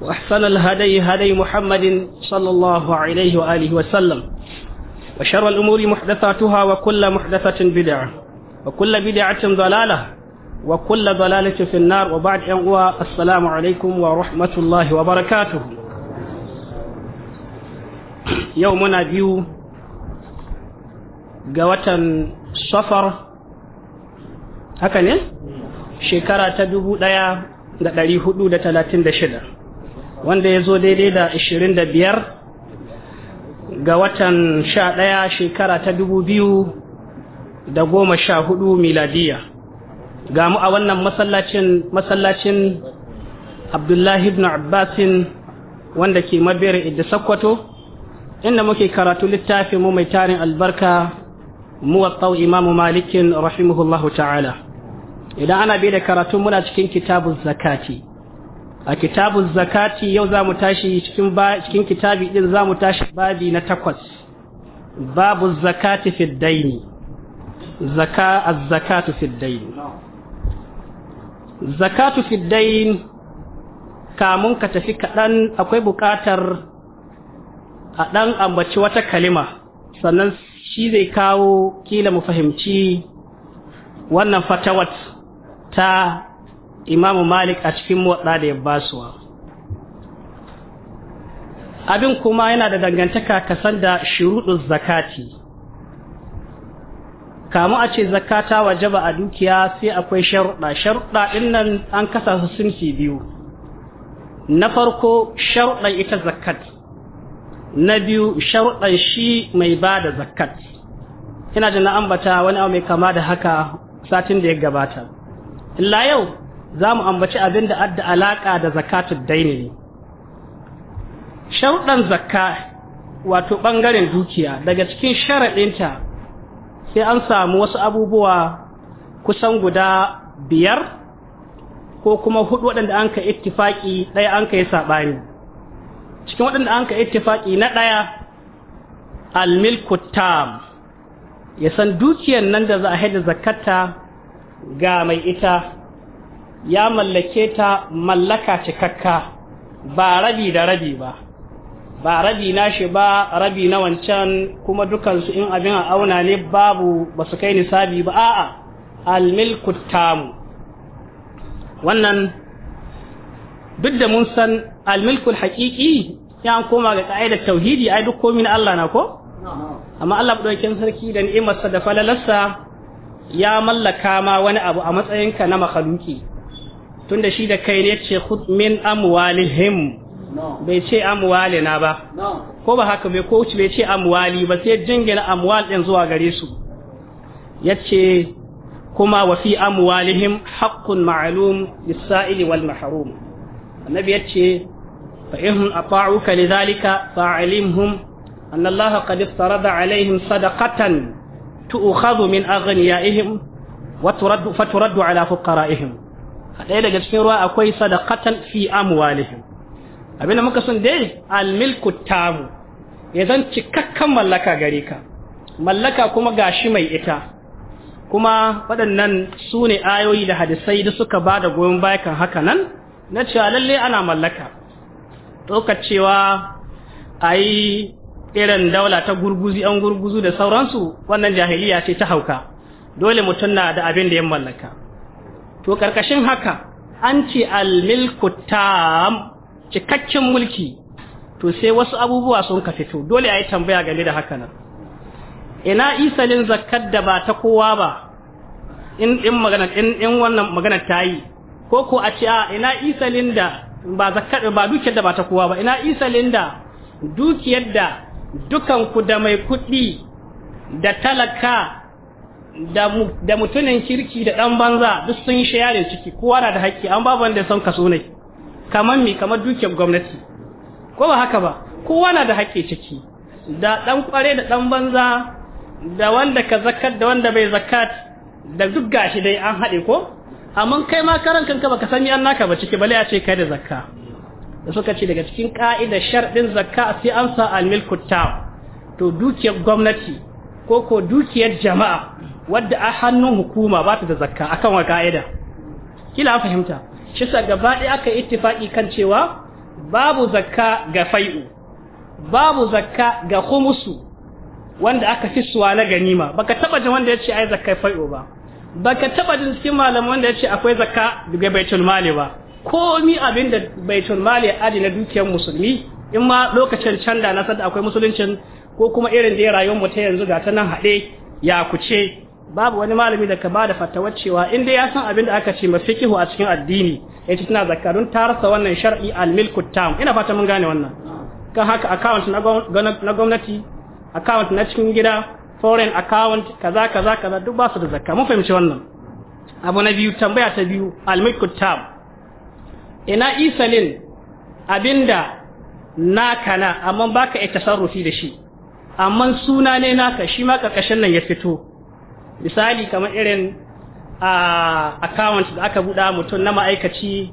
وأحسن الهدي هدي محمد صلى الله عليه وآله وسلم وشر الأمور محدثاتها وكل محدثة بدعة وكل بدعة ضلالة وكل ضلالة في النار وبعد أن السلام عليكم ورحمة الله وبركاته يومنا بيو قوة صفر هكذا shekara ta dubu ɗaya da ɗari hudu da talatin da shida wanda ya zo daidai da 25 ga watan 11 shekara ta 2014 miladiya ga mu a wannan masallacin masallacin abdullahi ibn abbasin wanda ke mabere idda sakwato inda muke karatu littafin mu mai tarin albarka muwattau imamu malikin rahimahullahu ta'ala idan ana bai da karatu muna cikin kitabun zakati a kitabun zakati yau za mu tashi cikin cikin kitabi din za mu tashi babi na takwas babu zakati fi daini zaka az-zakatu fi daini zakatu fi dain kamun ka tafi kaɗan akwai buƙatar a ɗan ambaci wata kalima sannan shi zai kawo kila mu fahimci wannan fatawat ta imamu malik a cikin motsa da ya basuwa abin kuma yana da dangantaka kasan da shuruɗin zakati kamu a ce zakata wajaba a dukiya sai akwai sharuɗa sharuɗa ɗin an kasa su sunfi biyu na farko sharuɗan ita zakat na biyu sharuɗan shi mai ba da zakat ina jin na ambata wani abu mai kama da haka satin da ya gabata illa yau za mu ambaci abin da adda alaƙa da zakatun daini sharuɗan zakka wato ɓangaren dukiya daga cikin sharaɗinta sai an samu wasu abubuwa kusan guda biyar ko kuma hudu waɗanda an ka ittifaƙi ɗaya an ka yi saɓani cikin waɗanda an ka ittifaƙi na ɗaya almilkutam ya san dukiyar nan da za a haida zakata ga mai ita ya mallake ta mallaka cikakka ba rabi da rabi ba ba rabi na shi ba rabi na wancan kuma dukansu in abin a auna ne babu ba su kai nisabi ba a'a almilku tamu wannan duk da mun san almilkul haƙiƙi ya an koma ga ka'idar tauhidi ai duk komai na Allah na ko amma Allah ɗaukin sarki da ni'imarsa da falalarsa ya mallaka ma wani abu a matsayinka na makhaluki tunda shi da kai ne ce khud min amwalihim bai ce amwalina ba ko ba haka bai ko bai ce amwali ba sai jingina amwal din zuwa gare su yace kuma wa fi amwalihim haqqun ma'lum lis-sa'il wal mahrum annabi yace fa in ata'uka lidhalika fa'alimhum anna Allah qad iftarada alaihim sadaqatan tu'khadhu min aghniyaihim wa turaddu faturaddu ala fuqaraihim a ɗaya daga cikin ruwa akwai sadaqatan fi amwalihim abinda muka sun dai almilku tamu ya zan cikakkan mallaka gare ka mallaka kuma gashi mai ita kuma waɗannan sune ayoyi da hadisai da suka ba da goyon baya kan haka nan na cewa lalle ana mallaka ɗaukar cewa a yi irin daula ta gurguzu, an gurguzu da sauransu wannan jahiliya ce ta hauka dole mutum na da abin da ya mallaka to karkashin haka an ce almilku tam cikakken mulki to sai wasu abubuwa sun ka fito dole a yi tambaya game da haka nan ina isalin zakar da ba ta kowa ba in in magana in in wannan magana ta yi ko ko a ce a ina isalin da ba zakar ba dukiyar da ba ta kowa ba ina isalin da dukiyar da dukan ku da mai kuɗi da talaka da mutumin kirki da dan banza duk sun yi shayar ciki kowa na da haƙƙi an babu wanda son kaso ne kamar mi kamar dukiyar gwamnati ko ba haka ba kowa na da haƙƙi ciki da dan kware da dan banza da wanda ka zakat da wanda bai zakat da duk gashi dai an haɗe ko amma kai ma karan kanka baka sani an naka ba ciki bale a ce kai da zakka da suka ce daga cikin ka'idar sharɗin zakka sai an sa al-milku to dukiyar gwamnati ko ko dukiyar jama'a wadda a hannun hukuma ba ta da zakka akan wa ka'ida kila an fahimta shi sa gaba ɗaya aka yi ittifaki kan cewa babu zakka ga fai'u babu zakka ga khumusu wanda aka fi suwa na ganima baka taba jin wanda ya ce ai zakka fai'u ba baka taba jin cikin malaman wanda ya ce akwai zakka ga baitul mali ba komi abin da baitul mali adi na dukiyar musulmi in ma lokacin canda na sanda akwai musuluncin ko kuma irin da rayuwar mu ta yanzu ga ta nan haɗe ya kuce babu wani malami da ka ba da fatawar cewa in dai ya san abin da aka ce ma fiqhu a cikin addini yace tana zakarun tarasa wannan shar'i al-milku tam ina fata mun gane wannan kan haka account na gwamnati account na cikin gida foreign account kaza kaza kaza duk ba su da zakka mun fahimci wannan abu na biyu tambaya ta biyu al-milku tam ina isalin abinda naka na amma baka iya da shi amma suna ne naka shi ma karkashin nan ya fito misali kamar irin a account da aka buɗa mutum na ma'aikaci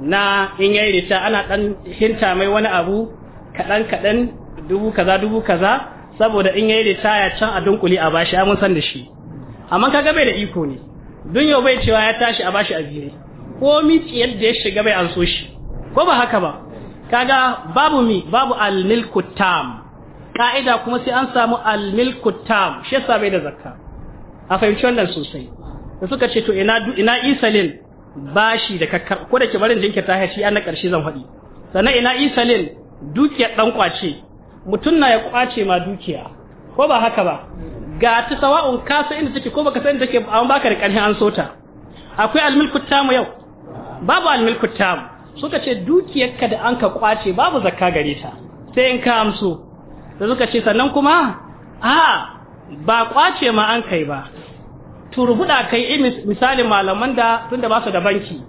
na in yayi rita ana ɗan hinta mai wani abu kaɗan kaɗan dubu kaza dubu kaza saboda in yayi ya can a dunkule a bashi Amun san da shi amma kaga bai da iko ne dun yau bai cewa ya tashi a bashi a jire ko mi yadda ya shiga bai an shi ko ba haka ba kaga babu mi babu al-milku tam ka'ida kuma sai an samu al-milku tam shi yasa bai da zakka a fahimci wannan sosai da suka ce to ina ina isalin bashi da kakkar ko da ke barin jinkirta ya shi an na karshe zan faɗi sannan ina isalin dukiyar dan kwace mutum na ya kwace ma dukiya ko ba haka ba ga ta sawa'un ka san inda take ko baka san inda take an baka da an sota akwai almilku tamu yau babu almilku tamu suka ce dukiyarka da an ka kwace babu zakka gare ta sai in ka amso da suka ce sannan kuma a ba kwace ma an kai ba turbuda kai misalin malaman da tunda ba su da banki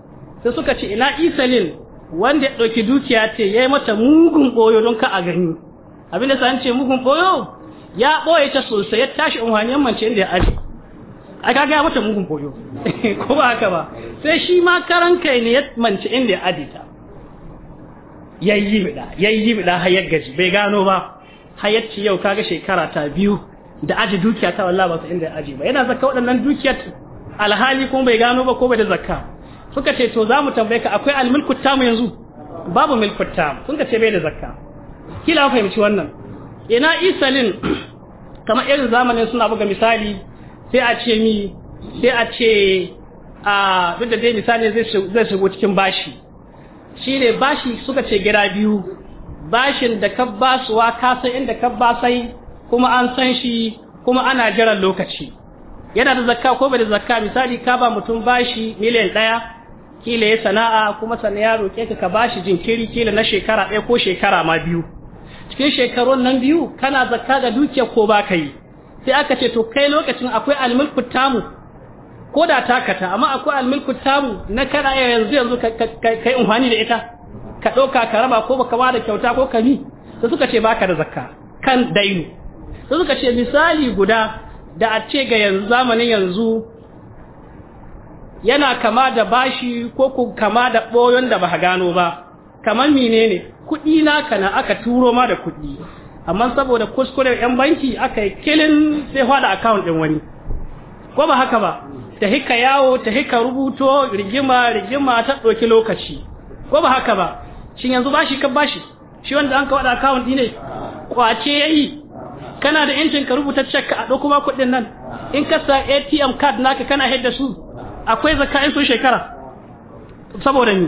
sai suka ce ina isalin wanda ya ɗauki dukiya ce ya yi mata mugun boyo don ka a gani abinda an ce mugun boyo ya ɓoye ta sosai ya tashi unhaniyar mance inda ya aji Ai kaga ya mata mugun boyo ko ba haka ba sai shi ma karan kai ne ya mance inda ya aji ta yayyi bida yayyi bida hayar gaji bai gano ba hayar ci yau kaga shekara ta biyu da aji dukiya ta wallahi ba su inda aji ba yana zakka waɗannan dukiyar alhali kuma bai gano ba ko bai da zakka suka ce to zamu tambaye ka akwai almulku tamu yanzu babu milku tamu sun ka ce bai da zakka kila an fahimci wannan ina isalin kamar irin zamanin suna buga misali sai a ce mi sai a ce a duk da dai misali zai shigo cikin bashi shi ne bashi suka ce gida biyu bashin da ka basuwa ka san inda ka basai kuma an san shi kuma ana jiran lokaci yana da zakka ko bai da zakka misali ka ba mutum bashi miliyan ɗaya kila ya sana'a kuma sannan ya roƙe ka ka bashi jinkiri kila na shekara ɗaya ko shekara ma biyu cikin shekarun nan biyu kana zakka ga dukiya ko ba ka yi sai aka ce to kai lokacin akwai almulku tamu ko da takata amma akwai almulku tamu na kana yanzu yanzu kai umfani da ita ka ɗauka ka raba ko baka ba da kyauta ko ka ni sai suka ce baka da zakka kan dainu sai suka ce misali guda da a ce ga yanzu zamanin yanzu yana kama da bashi ko ku kama da boyon da ba gano ba kamar menene kudi na kana aka turo ma da kuɗi amma saboda kuskuren yan banki aka yi kilin sai hada account din wani ko ba haka ba ta hika yawo ta hika rubuto rigima rigima ta ɗauki lokaci ko ba haka ba shin yanzu bashi kan bashi shi wanda an ka wada account ne kwace yayi kana da yancin ka rubuta check a ɗauko ma kuɗin nan in ka sa atm card naka kana hidda su akwai zakai so shekara saboda ni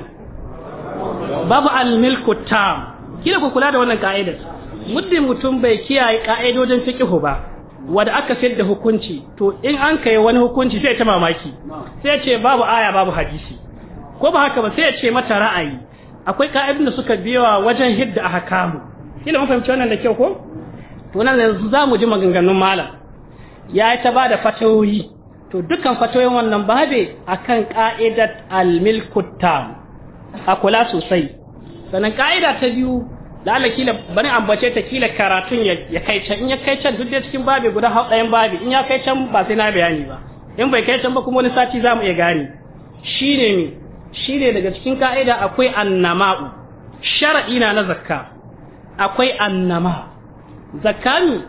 babu milku tam kila ku kula da wannan kaida muddin mutum bai kiyaye ka'idodin fiqh ba wanda aka sayar da hukunci to in an kai wani hukunci sai ta mamaki sai ce babu aya babu hadisi ko ba haka ba sai ce mata ra'ayi akwai ka'idun da suka biyawa wajen hidda ahkamu kila mun fahimci wannan da kyau ko to nan yanzu za mu ji maganganun malam ya yi ta ba da fatoyi to dukkan fatoyin wannan babe akan ka'idat al-milkut a kula sosai sannan ƙa'ida ta biyu la'ala kila bani ambace ta kila karatun ya kai can in ya kai can duk da cikin babe guda hau ɗayan babe in ya kai can ba sai na bayani ba in bai kai can ba kuma wani sati za mu iya gane Shi ne ne daga cikin ka'ida akwai annama'u Shara'ina na na zakka akwai annama'u zakkan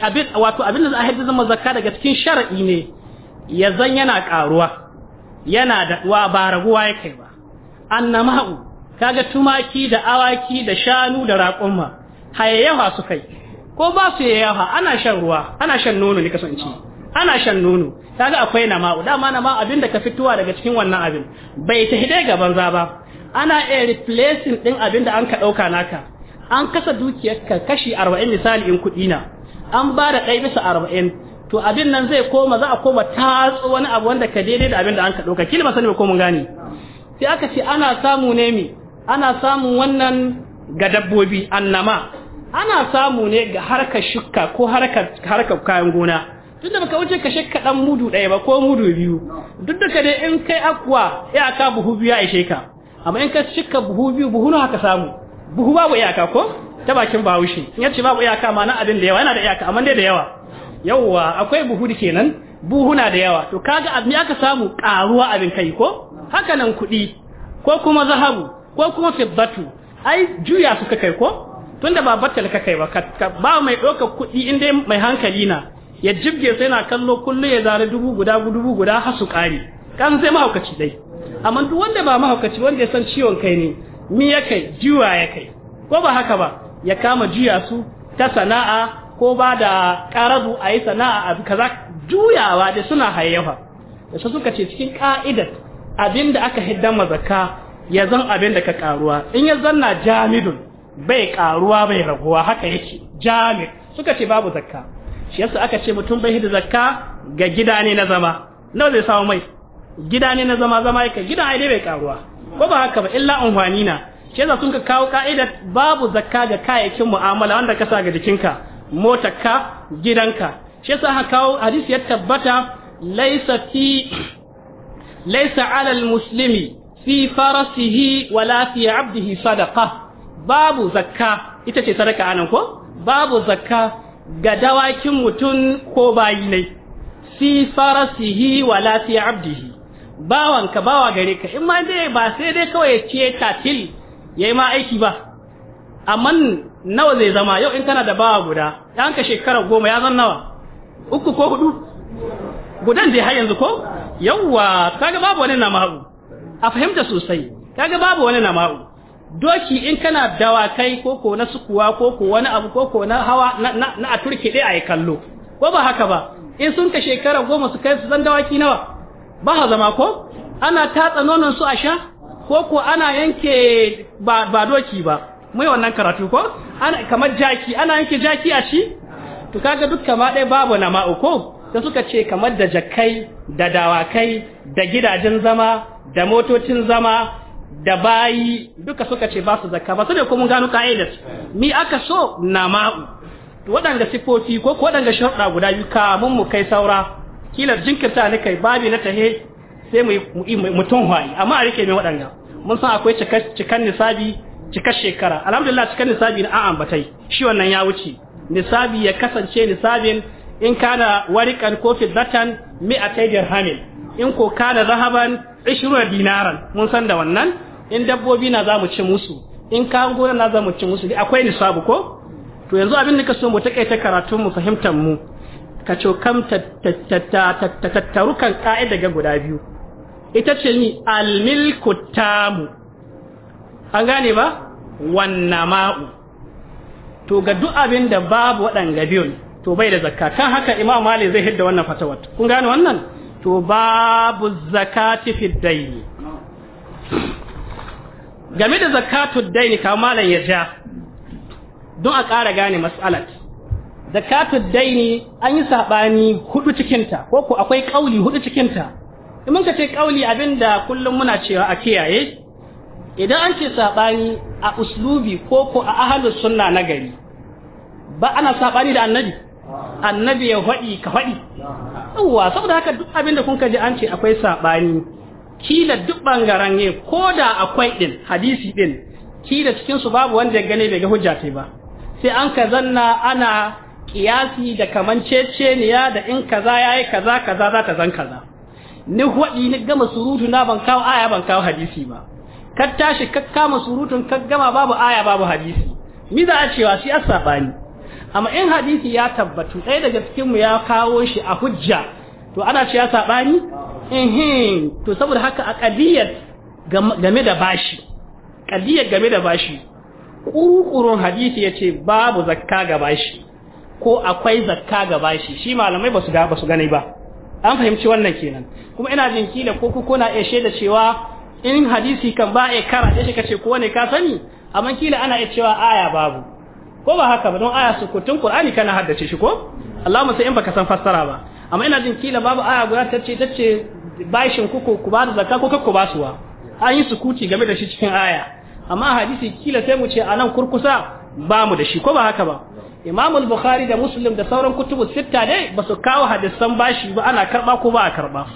abin wato abin da za zama zakka daga cikin shar'i ne ya zan yana karuwa yana daɗuwa ba raguwa ya kai ba annama'u kaga tumaki da awaki da shanu da raƙumma hayayyawa su kai ko ba su yayyawa ana shan ruwa ana shan nono ne kasance ana shan nono kaga akwai nama'u dama ma abin da ka fitowa daga cikin wannan abin bai ta hidai ga banza ba ana iya replacing ɗin abin da an ka ɗauka naka an kasa dukiyarka kashi arba'in misali in kuɗi na an ba da ɗai bisa arba'in to abin nan zai koma za a koma tatso wani abu wanda ka daidai da abin da an ka ɗauka kilma sani ba ko mun gane sai aka ce ana samu ne mi ana samun wannan ga dabbobi annama ana samu ne ga harkar shukka ko harkar harkar kayan gona Duk da baka wuce ka shakka dan mudu ɗaya ba ko mudu biyu duk da dai in kai akwa ya ka buhu biyu ya ishe ka amma in ka shika buhu biyu buhu haka samu buhu babu iyaka ko ta bakin bahaushe in yace babu iyaka ma na abin da yawa yana da iyaka amma dai da yawa yawa akwai buhu da kenan buhuna da yawa to kaga abin aka samu karuwa abin kai ko haka nan kuɗi ko kuma zahabu ko kuma fiddatu ai juya su kai ko tunda ba battal ka kai ba ba mai ɗaukar kuɗi in dai mai hankali na ya jibge sai na kallo kullu ya zara dubu guda dubu guda hasu su kan sai mahaukaci dai amma duk wanda ba mahaukaci wanda ya san ciwon kai ne mi ya kai juya ya kai ko ba haka ba ya kama juya su ta sana'a ko ba da ƙarabu a yi sana'a a kaza juyawa da suna hayyafa da su suka ce cikin ka'idar abin da aka hidda mazaka ya zan abin da ka karuwa in ya zanna jamidun bai karuwa bai raguwa haka yake jamid suka ce babu zakka shi yasa aka ce mutum bai hidda zakka ga gida ne na zama nawa zai samu mai gida ne na zama zama yake gida ai dai bai karuwa ko ba haka ba illa amfani na shi yasa sun ka kawo ka'idar babu zakka ga kayayyakin mu'amala wanda ka sa ga jikinka motarka gidanka shi yasa aka kawo hadisi ya tabbata laysa fi laysa 'ala almuslimi fi farasihi wala fi 'abdihi sadaqa babu zakka ita ce sadaka anan ko babu zakka ga dawakin mutum ko bayi ne fi farasihi wala fi abdihi bawan ka bawa gare ka in ma dai ba sai dai kawai ya ce tatil yayi ma aiki ba amma nawa zai zama yau in kana da bawa guda dan ka shekara goma ya zan nawa uku ko hudu gudan dai har yanzu ko yawwa kaga babu wani na mahu a fahimta sosai kaga babu wani na mahu doki in kana dawa kai ko ko na sukuwa ko ko wani abu ko ko na hawa na na, na a turke dai a yi kallo ko ba haka ba in sun ka shekara goma su kai su zan dawaki nawa ba zama ko ana tatsa nonon su a sha ko ko ana yanke ba doki ba mai wannan karatu ko ana kamar jaki ana yanke jaki a shi to kaga duk ma ɗaya babu na ma'u ko da suka ce kamar da jakkai, da dawakai da gidajen zama da motocin zama da bayi duka suka ce ba su zakka ba sai da kuma gano ka'idar mi aka so na ma'u waɗanda sifofi ko waɗanda sharuɗa guda biyu kamun mu kai saura kila jinkirta ne kai babi na tahe sai mu mutum hayi amma a rike mai waɗanga mun san akwai cikan nisabi cikar shekara alhamdulillah cikan nisabi na an batai shi wannan ya wuce nisabi ya kasance nisabin in kana warikan ko fiddatan mi'atai dirhamin in ko kana zahaban 20 dinaran mun san da wannan in dabbobi na zamu ci musu in ka gona na zamu ci musu akwai nisabu ko to yanzu abin da ka so mu takaita karatun mu fahimtar mu ka kam tattarukan ƙa'ida daga guda biyu ita ce ni almilku tamu an gane ba Wannama'u. ma'u to ga duk abin da babu waɗanga biyun to bai da zakka kan haka imam malik zai hidda wannan fatawar kun gane wannan to babu zakati fi daini game da zakatu daini kamar malam ya ja don a ƙara gane mas'alat zakatul daini an yi sabani hudu cikin ta ko akwai kauli hudu cikin ta in mun ka ce kauli abinda kullum muna cewa a kiyaye idan an ce sabani a uslubi ko ko a ahlus sunna na gari ba ana sabani da annabi annabi ya fadi ka fadi yawa saboda haka duk abinda kun ka ji an ce akwai sabani kila duk bangaren ne ko da akwai din hadisi din kila cikin su babu wanda ya gane bai ga hujja ba sai an ka zanna ana kiyasi da kamanceceniya da in kaza yayi kaza kaza za ta zan kaza ni hwadi ni gama surutu na ban kawo aya ban kawo hadisi ba ka tashi ka kama surutun ka gama babu aya babu hadisi mi za a cewa shi asabani amma in hadisi ya tabbatu ɗaya daga cikin mu ya kawo shi a hujja to ana cewa sabani ehin to saboda haka a qadiyar game da bashi qadiyar game da bashi kurukurun hadisi yace babu zakka ga bashi ko akwai zakka ga bashi shi malamai basu ga basu gane ba an fahimci wannan kenan kuma ina jin kila ko ku kuna iya shaida cewa in hadisi kan ba a kara ka ce ko ne ka sani amma kila ana iya cewa aya babu ko ba haka ba don aya su kutun qur'ani kana haddace shi ko Allahumma sai in baka san fassara ba amma ina jin kila babu aya guda tace tace bashin kuku ku ba da zakka ko kakku basuwa an yi su kuci game da shi cikin aya amma hadisi kila sai mu ce anan kurkusa ba mu da shi ko ba haka ba imam bukhari da muslim da sauran kutubu sitta dai ba su kawo hadisan bashi ba ana karba ko ba a karba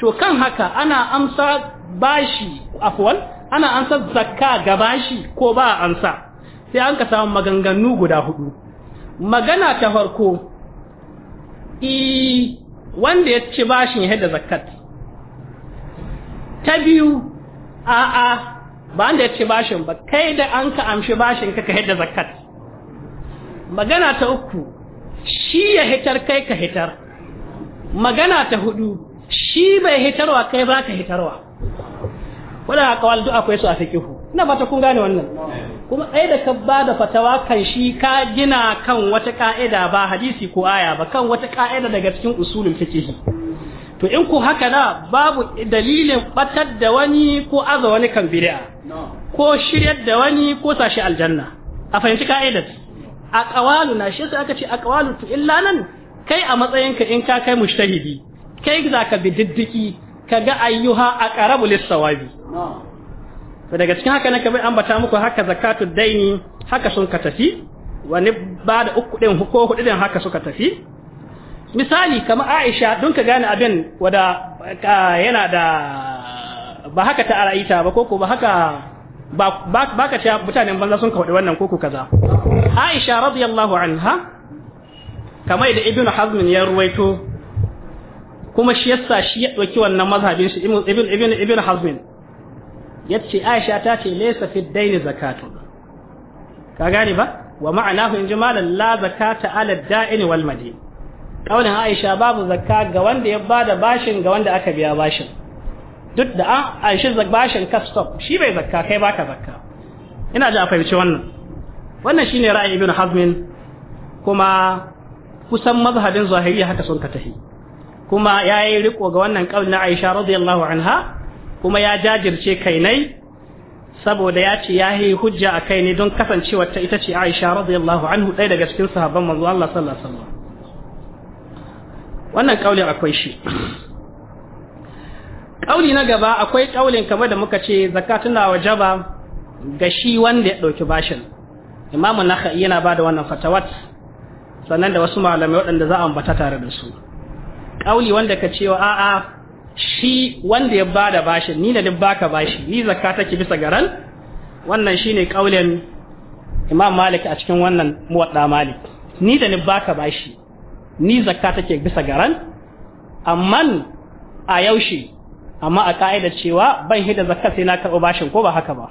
to kan haka ana amsa bashi afwan ana amsa zakka ga bashi ko ba a amsa sai an ka samu maganganu guda hudu magana ta farko i wanda ya ci bashin ya da zakkat ta biyu a'a ba da ya bashin ba kai da an ka amshi bashin ka ka hidda zakat magana ta uku shi ya hitar kai ka hitar magana ta hudu shi bai hitarwa kai ba ka hitarwa wadda kawal du akwai su a ku. ina ba ta kun gane wannan kuma ai da ka ba da fatawa kan shi ka gina kan wata ka'ida ba hadisi ko aya ba kan wata ka'ida daga cikin usulul fikihi to in ku haka na babu dalilin batar da wani ko aza wani kan bid'a ko shiryar da wani ko sashi aljanna a fahimci ka'idar a ƙawalu na shi sai aka ce a ƙawalu to illa nan kai a matsayinka in ka kai mushtahidi kai za ka bi diddiki ka ga ayyuha a ƙarabu lissawabi to daga cikin haka na kamar bai ambata muku haka zakatu daini haka sun ka tafi wani ba da uku ɗin ko huɗu ɗin haka suka tafi misali kamar Aisha don ka gane abin wada yana da ba haka ta ara'ita ba koko ba haka ba ka cewa mutanen banza sun kawaɗi wannan koko kaza Aisha radiyallahu anha kamar da Ibn Hazm ya ruwaito kuma shi yasa shi ya ɗauki wannan mazhabin shi Ibn Ibn Ibn Hazm yace Aisha ta ce laysa fi daini zakatu ka gane ba wa ma'anahu in ji malan la zakata ala da'in wal madin kaulin Aisha babu zakka ga wanda ya bada bashin ga wanda aka biya bashin duk da an aishi bashin stop shi bai zakka kai baka zakka ina ji a fahimci wannan wannan shine ra'ayin Ibn hazmin kuma kusan mazhabin zahiriya haka sun ka tafi kuma yayi riko ga wannan kaunin na Aisha radiyallahu anha kuma ya jajirce kainai saboda ya ce ya yi hujja a kai ne don kasancewar ta ita ce Aisha radiyallahu anhu ɗaya daga cikin sahabban manzo Allah sallallahu alaihi wasallam wannan ƙaulin akwai shi kauli na gaba akwai kaulin kamar da muka ce zakatuna wajaba ga shi wanda ya ɗauki bashin imamu iya yana bada wannan fatawat sannan da wasu malamai waɗanda za a ambata tare da su kauli wanda ka cewa a'a shi wanda ya bada bashin ni da duk baka bashi ni zakka take bisa garan wannan shine kaulin imam malik a cikin wannan muwadda malik ni da ni baka bashi ni zakka take bisa garan amma a yaushe amma a ka'ida cewa ban hida zakka sai na karɓo bashin ko ba haka ba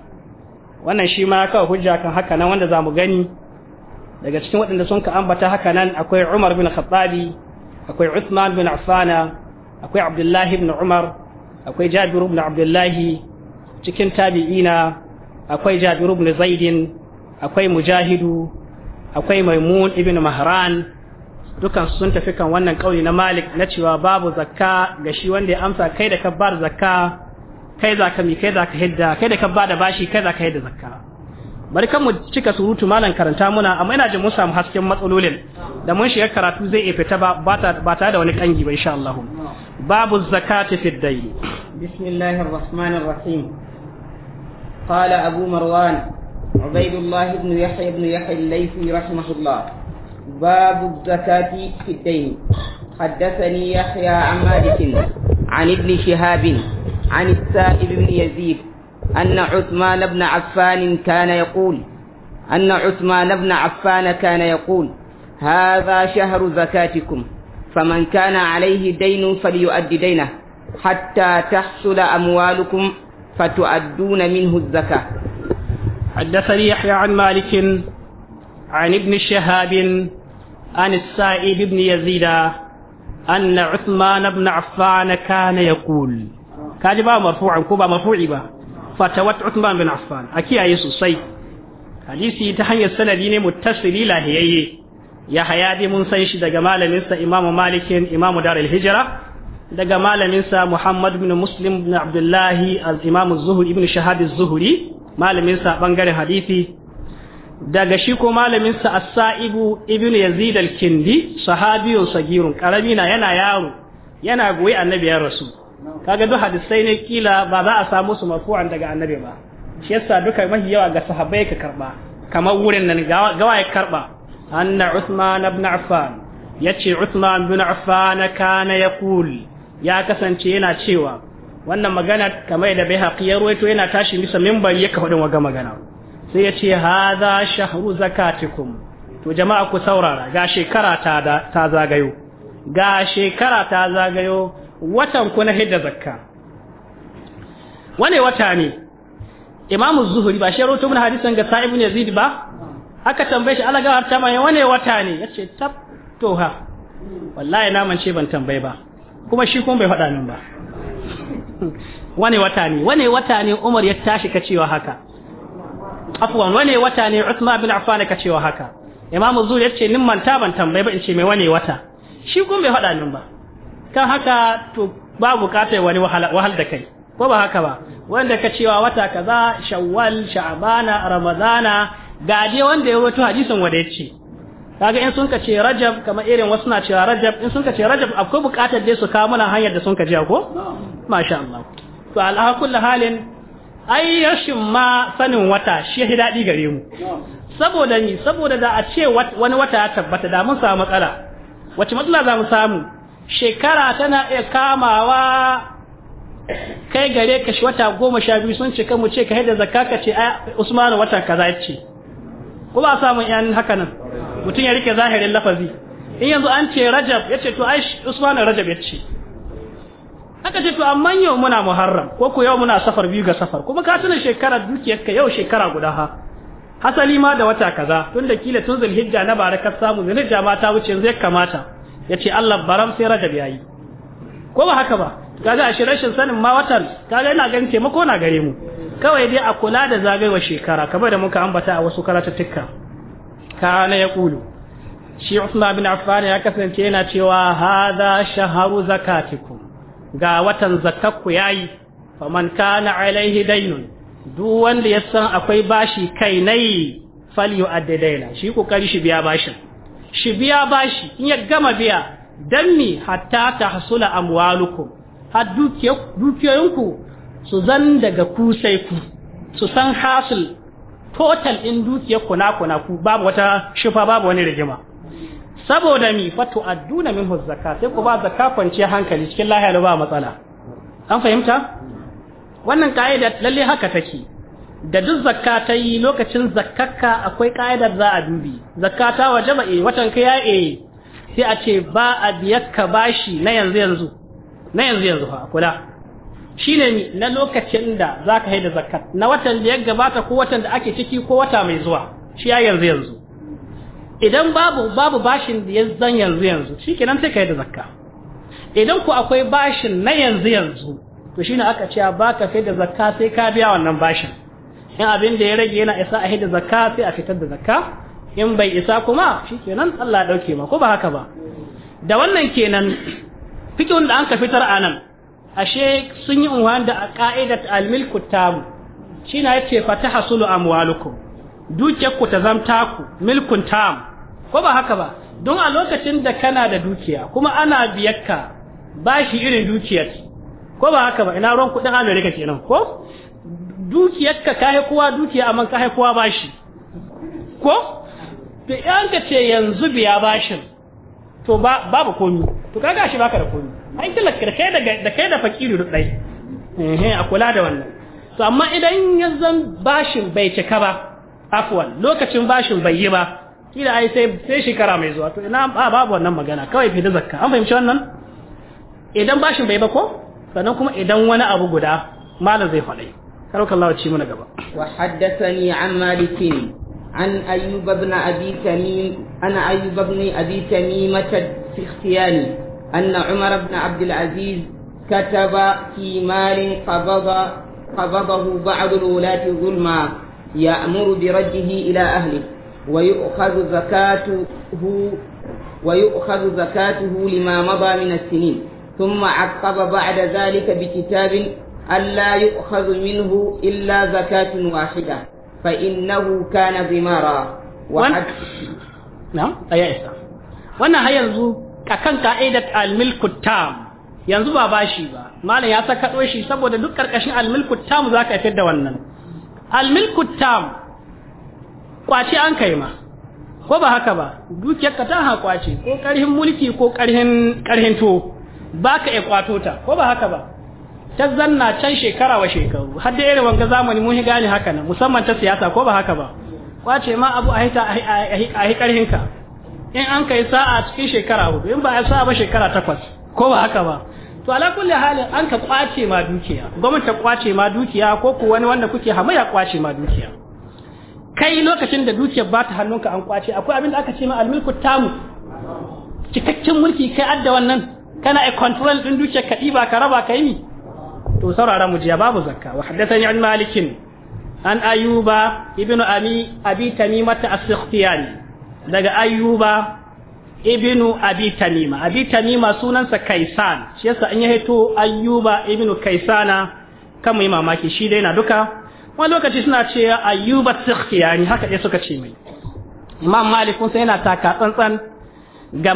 wannan shi ma kawai hujja kan haka nan wanda zamu gani daga cikin waɗanda sun ka ambata haka nan akwai Umar bin Khattabi akwai Uthman bin Affan akwai Abdullah bin Umar akwai Jabir bin Abdullah cikin tabi'ina akwai Jabir bin Zaid akwai Mujahidu akwai Maimun ibn Mahran dukan sun tafi kan wannan kauli na Malik na cewa babu zakka ga shi wanda ya amsa kai da kabbar zakka kai zaka mi kai zaka hidda kai da kabba da bashi kai zaka hidda zakka bari kan mu cika surutu malam karanta muna amma ina jin mun samu hasken matsalolin da mun shiga karatu zai fita ba ba ta da wani kangi ba insha Allah babu zakati fi dayn bismillahir rahmanir rahim قال أبو مروان عبيد الله بن يحيى بن يحيى الليثي رحمه الله باب الزكاة في الدين حدثني يحيى عن مالك عن ابن شهاب عن السائب بن يزيد أن عثمان بن عفان كان يقول أن عثمان بن عفان كان يقول هذا شهر زكاتكم فمن كان عليه دين فليؤد دينه حتى تحصل أموالكم فتؤدون منه الزكاة حدثني يحيى عن مالك عن ابن شهاب عن السائب بن يزيد أن عثمان بن عفان كان يقول كاجبا مرفوعا كوبا مرفوعي با فتوت عثمان بن عفان أكي يسو سي حديثي تحني السندين متصلي لا هي يا حيادي من سيش دقا مالنسا إمام مالك إمام دار الهجرة دقا مالنسا محمد بن مسلم بن عبد الله الإمام الزهري ابن شهاب الزهري مالنسا بنغر حديثي daga shi ko malamin sa as-sa'ibu ibnu yazid al-kindi sahabiyo sagirun karami na yana yaro yana goyi annabi ya rasu kaga duk hadisai ne kila ba za a samu su mafu'an daga annabi ba shi yasa duka mahi yawa ga sahabbai ka karba kamar wurin nan gawa ya karba anna usman ibn affan yace usman ibn affan kana yaqul ya kasance yana cewa wannan magana kamar da bai haƙi ya yana tashi bisa mimbar yake kafa waga magana sai ya ce haza shahru zakatikum to jama'a ku saurara ga shekara ta ta zagayo ga shekara ta zagayo watan ku na hidda zakka wane wata ne imamu zuhuri ba shi rawaito mun hadisan ga sa'ib ibn yazid ba aka tambaye shi alaga har tamaye wane wata ne yace tab to ha wallahi na mance ban tambaye ba kuma shi kuma bai faɗa min ba wane wata ne wane wata ne Umar ya tashi ka cewa haka afwan wane wata ne Uthman bin Affan ka cewa haka Imam Zuhri yace nin manta ban tambaye ba in ce mai wane wata shi kun bai fada nin ba kan haka to ba bukatar wani wahal da kai ko ba haka ba wanda ka cewa wata kaza Shawwal Sha'ban Ramadana ga dai wanda ya wato hadisin wanda yace kaga in sun ka ce Rajab kama irin wasu na cewa Rajab in sun ka ce Rajab akwai bukatar dai su kawo mana hanyar da sun ka ji ko masha Allah to alaha kullu halin ai rashin ma sanin wata shi ya daɗi gare mu saboda ni saboda da a ce wani wata ya tabbata da mun samu matsala wace matsala za mu samu shekara tana iya kamawa kai gare ka shi wata goma sha biyu sun cika mu ce ka haida zakka ka ce a usmanu wata kaza ya ce ko ba samun yan haka nan mutum ya rike zahirin lafazi in yanzu an ce rajab ya ce to ai usmanu rajab ya ce aka ce to amma yau muna muharram ko ku yau muna safar biyu ga safar kuma ka tuna shekara dukiyarka yau shekara guda ha hasali ma da wata kaza tunda kila tun zulhijja na bara samu zulhijja ma ta wuce zai kamata Ya ce Allah baram sai rajab yayi ko ba haka ba kaga ashe rashin sanin ma watan kaga ina ganin taimako na gare mu kawai dai a kula da zagayowar shekara kamar da muka ambata a wasu karatattuka kana ya kulu shi Usman bin Affan ya kasance yana cewa hadha shahru zakatikum ga watan zakakku yayi faman kana alaihi dainun duk wanda ya san akwai bashi kai nai falyu addadaina shi kari shi biya bashin shi biya bashi in ya gama biya dan mi hatta hasula amwalukum har dukiyoyinku su zan daga ku sai ku su san hasil total in dukiyar ku na ku babu wata shifa babu wani rigima saboda mi fatu adduna min zakka sai ku ba zakka kwance hankali cikin lahiya ba matsala an fahimta wannan ka'ida lalle haka take da duk zakka ta yi lokacin zakkaka, akwai ka'idar za a dubi zakka ta wajaba eh watan ka ya eh sai a ce ba a biyakka bashi na yanzu yanzu na yanzu yanzu fa kula shine ni na lokacin da zaka haida zakkat na watan da ya gabata ko watan da ake ciki ko wata mai zuwa shi ya yanzu yanzu idan babu babu bashin da ya zan yanzu yanzu shikenan sai kai da zakka idan ku akwai bashin na yanzu yanzu to shine aka ce baka kai da zakka sai ka biya wannan bashin in abin da ya rage yana isa a hidda zakka sai a fitar da zakka in bai isa kuma shikenan Allah ya dauke ma ko ba haka ba da wannan kenan fikin da an ka fitar anan ashe sun yi unwan da qa'idat al-milku tam shine yace fataha sulu amwalukum dukiyar ku ta zamta ku milkun tam ko ba haka ba don a lokacin da kana da dukiya kuma ana biyakka bashi irin dukiyar ko ba haka ba ina ruwan kudin ke nan? ko dukiyarka ka kowa dukiya amma ka kowa bashi ko da ka ce yanzu biya bashin to ba babu komi to ga shi baka da komi ai ka kai da da kai da fakiri da dai eh a kula da wannan to amma idan yanzu bashin bai cika ba afwan lokacin bashin bai yi ba kila ai sai sai shekara mai zuwa to ina ba babu wannan magana kawai fi da zakka an fahimci wannan idan bashin bai ba ko sannan kuma idan wani abu guda malam zai faɗi karauka Allah ci mana gaba wa haddathani an malikin an ayyub ibn abi tamim ana ayyub ibn abi tamim tamimah ikhtiyani anna umar ibn abd al-aziz kataba fi malin qabada قبضه بعض الولاة ظلما يأمر برده إلى أهله ويؤخذ زكاته ويؤخذ زكاته لما مضى من السنين ثم عقب بعد ذلك بكتاب ألا يؤخذ منه إلا زكاة واحدة فإنه كان ضمارا وحد نعم أي إسا wannan har yanzu akan ka'idat al-milku tam yanzu ba bashi ba malam ya saka shi saboda duk karkashin al-milku tam zaka fitar da wannan al kwace an kai ma ko ba haka ba dukiyar ka ta ha kwace ko karhin mulki ko karhin karhin to baka e kwato ta ko ba haka ba ta zanna can shekara wa shekaru har da irin wanga zamani mun gane haka nan musamman ta siyasa ko ba haka ba kwace ma abu a hita a hi karhin ka in an kai sa'a cikin shekara hudu in ba a sa'a ba shekara takwas ko ba haka ba to ala kulli halin an ka kwace ma dukiya gwamnati ta kwace ma dukiya ko ko wani wanda kuke hamayya kwace ma dukiya kai lokacin da dukiyar ba ta hannunka an kwace akwai abin da aka ce ma almulku tamu cikakken mulki kai adda wannan kana a control din dukiyar ka diba ka raba ka yi to saurara mu jiya babu zakka wa haddathani an malikin an ayuba ibnu ami abi tamima ta sikhtiyani daga ayuba ibnu abi tamima abi tamima sunansa kaisan shi yasa an ya hito ayuba ibnu kaisana kan mu yi mamaki shi dai na duka wani lokaci suna ce ayyuba sikhtiyani haka dai suka ce mai imam malik kun yana taka tsantsan ga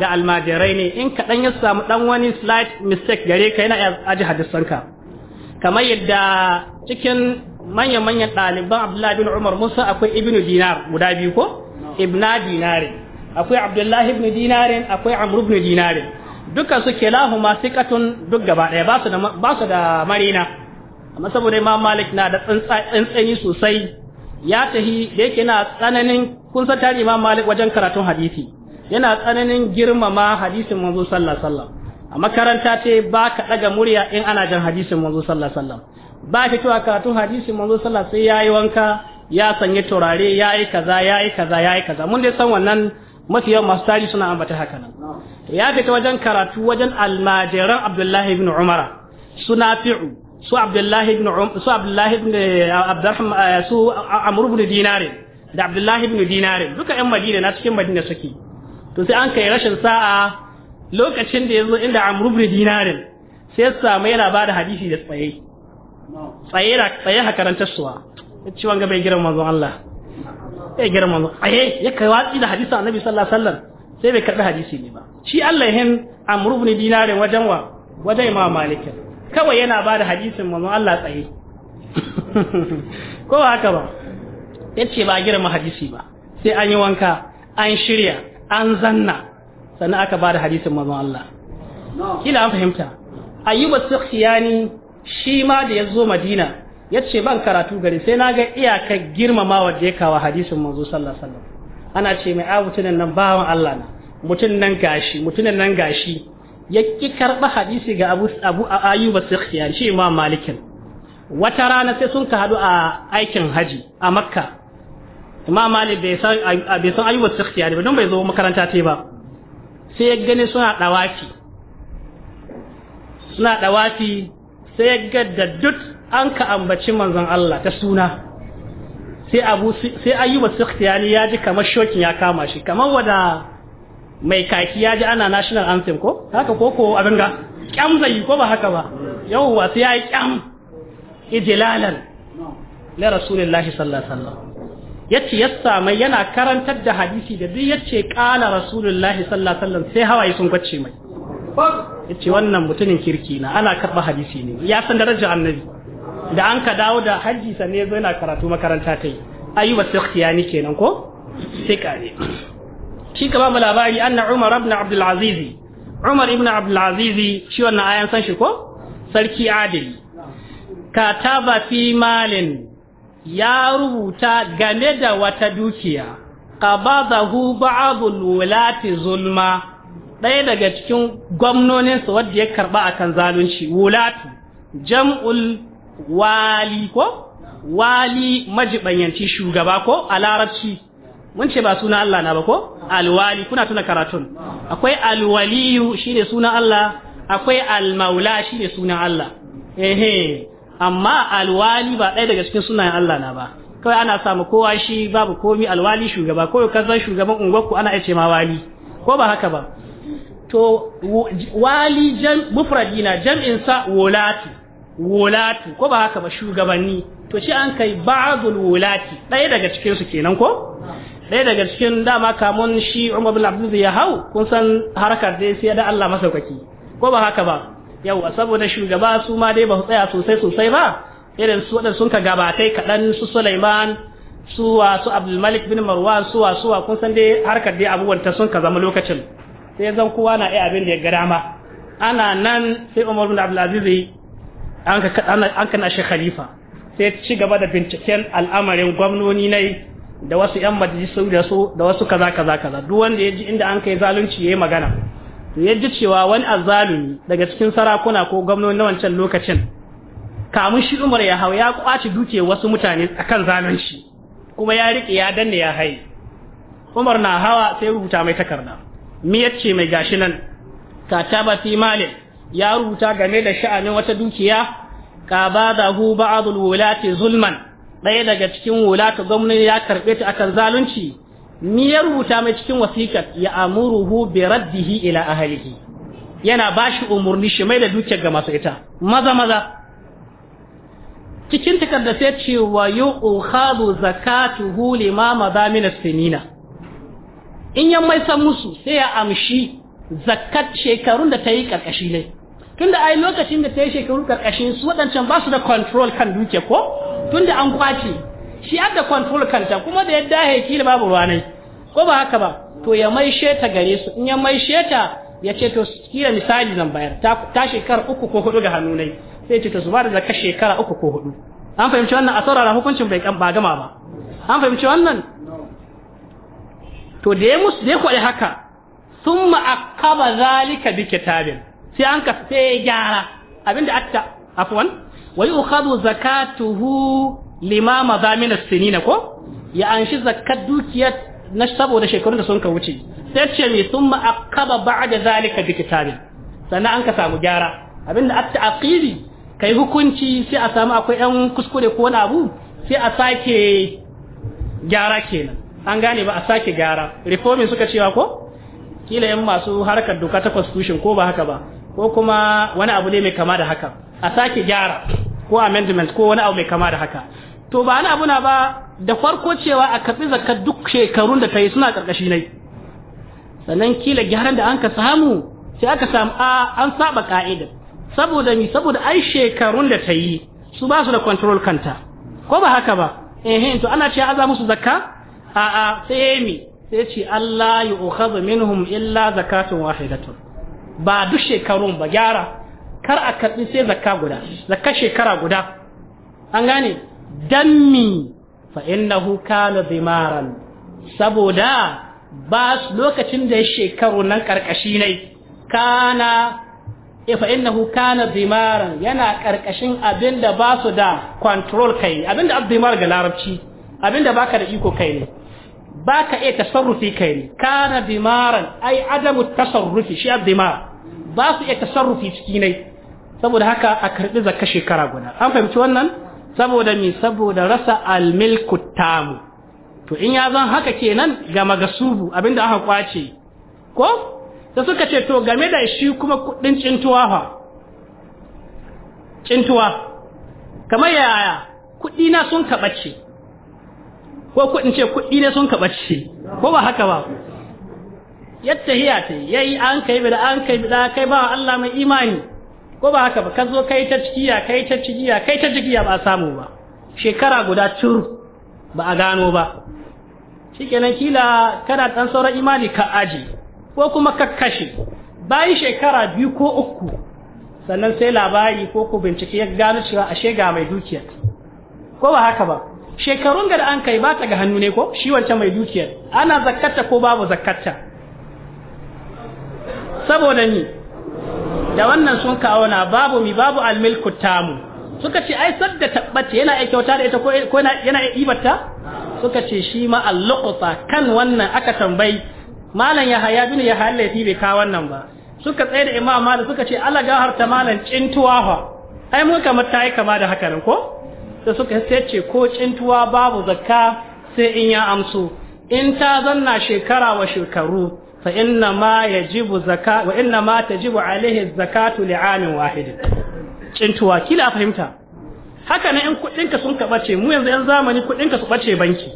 ga almajirai ne in kaɗan ya samu ɗan wani slight mistake gare ka yana aji hadisanka kamar yadda cikin manyan-manyan ɗaliban abdullahi bin umar musa akwai ibnu dinar guda biyu ko ibna dinarin akwai abdullahi ibn dinarin akwai amr ibn dinarin duka su kelahuma siqatun duk gaba ɗaya ba su da ba su da marina amma saboda imam malik na da tsantsani sosai ya tahi da yake na tsananin kun san tare imam malik wajen karatun hadisi yana tsananin girmama hadisin manzo sallallahu alaihi wasallam a makaranta ce ba ka daga murya in ana jan hadisin manzo sallallahu alaihi wasallam ba ki cewa karatun hadisin manzo sallallahu alaihi wasallam sai yayi wanka ya sanya turare yayi kaza yayi kaza yayi kaza mun dai san wannan mafi yawan masu tari suna ambata haka nan ya fita wajen karatu wajen almajiran abdullahi ibn umara sunafi'u su abdullahi ibn su abdullahi ibn eh, abdurrahman eh, su amr ibn dinar da abdullahi ibn dinar duka yan madina na cikin madina suke to sai an kai rashin sa'a lokacin da yazo inda amr ibn dinar sai ya samu yana bada hadisi da tsaye tsaye da tsaye ha karantar suwa yace wanga bai girma manzon Allah bai girma manzon tsaye ya kai watsi da hadisi annabi sallallahu alaihi wasallam sai bai karɓi hadisi ne ba shi Allah yahin amr ibn dinar wajen wa wajen imam malikin kawai yana ba da hadisin manzon Allah tsaye ko haka ba yace ba girma hadisi ba sai an yi wanka an shirya an zanna sannan aka ba da hadisin manzon Allah kila an fahimta ayyuba sukhiyani shi ma da ya zo madina ya ce ban karatu gari sai na ga iyakar girmamawa da ya kawo hadisin manzo sallallahu alaihi wasallam ana ce mai abutunan nan bawan Allah na mutum nan gashi mutumin nan gashi ya ki karɓa hadisi ga abu abu ayyuba sikhtiyari shi imam malikin wata rana sai sun ka haɗu a aikin haji a makka imam malik bai san bai san ayyuba sikhtiyari ba don bai zo makaranta ce ba sai ya gani suna ɗawafi suna ɗawafi sai ya ga da duk an ka ambaci manzon Allah ta suna sai abu sai ayyuba sikhtiyari ya ji kamar shokin ya kama shi kamar wada mai kaki ya ji ana national anthem ko haka ko ko abin ga kyam zai ko ba haka ba yau wa sai ya yi kyam ijlalan na rasulullahi sallallahu alaihi wasallam yace ya samu yana karantar da hadisi da duk yace kana rasulullahi sallallahu alaihi wasallam sai hawaye sun kwace mai yace wannan mutumin kirki na ana karba hadisi ne ya san darajar annabi da an ka dawo da haji sanne zo yana karatu makaranta tai ayyuba sikhtiyani kenan ko sai kare shi ka ba mu labari anna Umar ibn Abdul Aziz Umar ibn Abdul Aziz shi wannan ayan san shi ko sarki adili kataba fi malin ya rubuta game da wata dukiya qabadahu ba'dul wulati zulma ɗaya daga cikin gwamnoninsa wadda ya karɓa akan kan zalunci wulati jam'ul wali ko wali majibanyanci shugaba ko a larabci mun ce ba suna Allah na ba ko alwali kuna tuna karatun akwai alwaliyu shine suna Allah akwai almaula shine suna Allah ehe amma alwali ba ɗaya daga cikin sunayen Allah na ba kawai ana samu kowa shi babu komi alwali shugaba ko ka zan shugaban unguwarku ana iya ce ma wali ko ba haka ba to wali jam mufradina jam'in sa wolatu wolatu ko ba haka ba shugabanni to shi an kai ba'dul wolati ɗaya daga cikin su kenan ko ɗaya daga cikin dama kamun shi Umar bin Abdul ya hau kun san harkar dai sai da Allah masaukaki ko ba haka ba yau saboda shugaba su ma dai ba su tsaya sosai sosai ba irin su wadanda sun ka gabatai kaɗan su Sulaiman su wa su bin Marwan su wa su wa kun san dai harkar dai abubuwan ta sun ka zama lokacin sai zan kowa na iya abin da ya ga dama ana nan sai Umar bin Abdul Aziz an ka an kana shi khalifa sai ci gaba da binciken al'amarin gwamnoni ne da wasu yan majalisu da su da wasu kaza kaza kaza duk wanda ya ji inda an kai zalunci yayi magana to ya ji cewa wani azzalumi daga cikin sarakuna ko gwamnoni na wancan lokacin kamun shi Umar ya hau ya kwaci duke wasu mutane akan zalunci kuma ya rike ya danne ya haye Umar na hawa sai rubuta mai takarda mi yace mai gashi nan kataba fi malin ya rubuta game da sha'anin wata dukiya Ka ba da qabadahu ba'dul wulati zulman ɗaya daga cikin wulata gwamnati ya karɓe ta akan zalunci ni ya rubuta mai cikin wasikar ya hu bi raddihi ila ahlihi yana bashi umurni shi mai da dukiyar ga masu ita maza maza cikin takarda sai ce wa yu'khadu zakatuhu lima madamin as-sinina in yan mai san musu sai ya amshi zakat shekarun da ta yi karkashi ne tunda ai lokacin da ta yi shekarun karkashin su waɗancan ba su da control kan duke ko tunda an kwace shi adda control kanta kuma da yadda ya kila babu ruwanai ko ba haka ba to ya maishe ta gare su in ya maishe ta ya ce to kila misali zan bayar ta shekara uku ko hudu ga hannunai sai ce to su ba da zakka shekara uku ko hudu an fahimci wannan a saurara hukuncin bai ba gama ba an fahimci wannan to da ya musu da ya kwaɗi haka sun ma'akaba zalika bi kitabin sai an ka sai gyara abinda akta afwan Wai yukhadhu zakatuhu lima zamina as-sinina ko ya anshi zakat dukiyar na saboda shekarun da sun ka wuce sai ce mi thumma aqaba ba'da zalika bi kitabin sannan an ka samu gyara abinda at-ta'qili kai hukunci sai a samu akwai yan kuskure ko wani abu sai a sake gyara kenan an gane ba a sake gyara reformin suka cewa ko kila yan masu harkar doka ta constitution ko ba haka ba ko kuma wani abu ne mai kama da haka a sake gyara ko amendment ko wani abu mai kama da haka to ba na abuna ba da farko cewa a karɓi zakar duk shekarun da ta yi suna karkashi ne sannan kila gyaran da an ka samu sai aka samu a an saba ka'ida saboda mi saboda ai shekarun da ta yi su ba su da control kanta ko ba haka ba eh to ana ce aza musu zakka a a sai mi sai ce Allah ya ukhadhu minhum illa zakatun wahidatun ba duk shekarun ba gyara kar a karɓi sai zakka guda zakka shekara guda an gane dammi fa innahu kana bimaran saboda ba lokacin da ya shekaru nan karkashi ne kana eh, fa innahu kana bimaran yana karkashin abinda ba su da control kai abinda abdimar ga larabci abinda baka da iko kai ne baka iya tasarrufi kai ne kana bimaran ai adamu tasarrufi shi abdimar ba su iya tasarrufi ciki ne saboda haka a karbi zakka shekara guda an fahimci wannan saboda mi saboda rasa almilku tamu to in ya zan haka kenan ga magasubu abinda aka kwace ko da suka ce to game da shi kuma kudin cintuwa fa cintuwa kamar yaya kudi na sun kabace ko kudin ce kudi ne sun kabace ko ba haka ba yadda hiya ta yayi an kai bi da an kai bi da kai ba Allah mai imani ko ba haka ba ka zo kai ta cikiya kai ta cikiya kai ta cikiya ba samu ba shekara guda tur ba a gano ba shikenan kila kana ɗan sauran imani ka aji ko kuma ka kashe bayi shekara biyu ko uku sannan sai labari ko ku bincike ya gano cewa ashe ga mai dukiyar ko ba haka ba shekarun da an kai ba ta ga hannu ne ko shi wancan mai dukiya ana zakkata ko babu zakkata saboda ni da wannan sun na babu mi babu almilku tamu suka ce ai sadda tabbata yana ai kyauta da ita ko yana ai ibarta suka ce shi ma alluqta kan wannan aka tambayi malam yahaya bin yahaya laifi bai ka wannan ba suka tsaye da imam malik suka ce Allah gafarta malam cintuwa fa ai mun kamar ta yi kama da haka nan ko sai suka ce ko cintuwa babu zakka sai in ya amsu in ta zanna shekara wa shekaru fa inna ma yajibu zaka wa inna ma tajibu alaihi zakatu li'amin wahidin cintuwa kila fahimta haka ne in kudinka sun kabace mu yanzu yan zamani kudinka su bace banki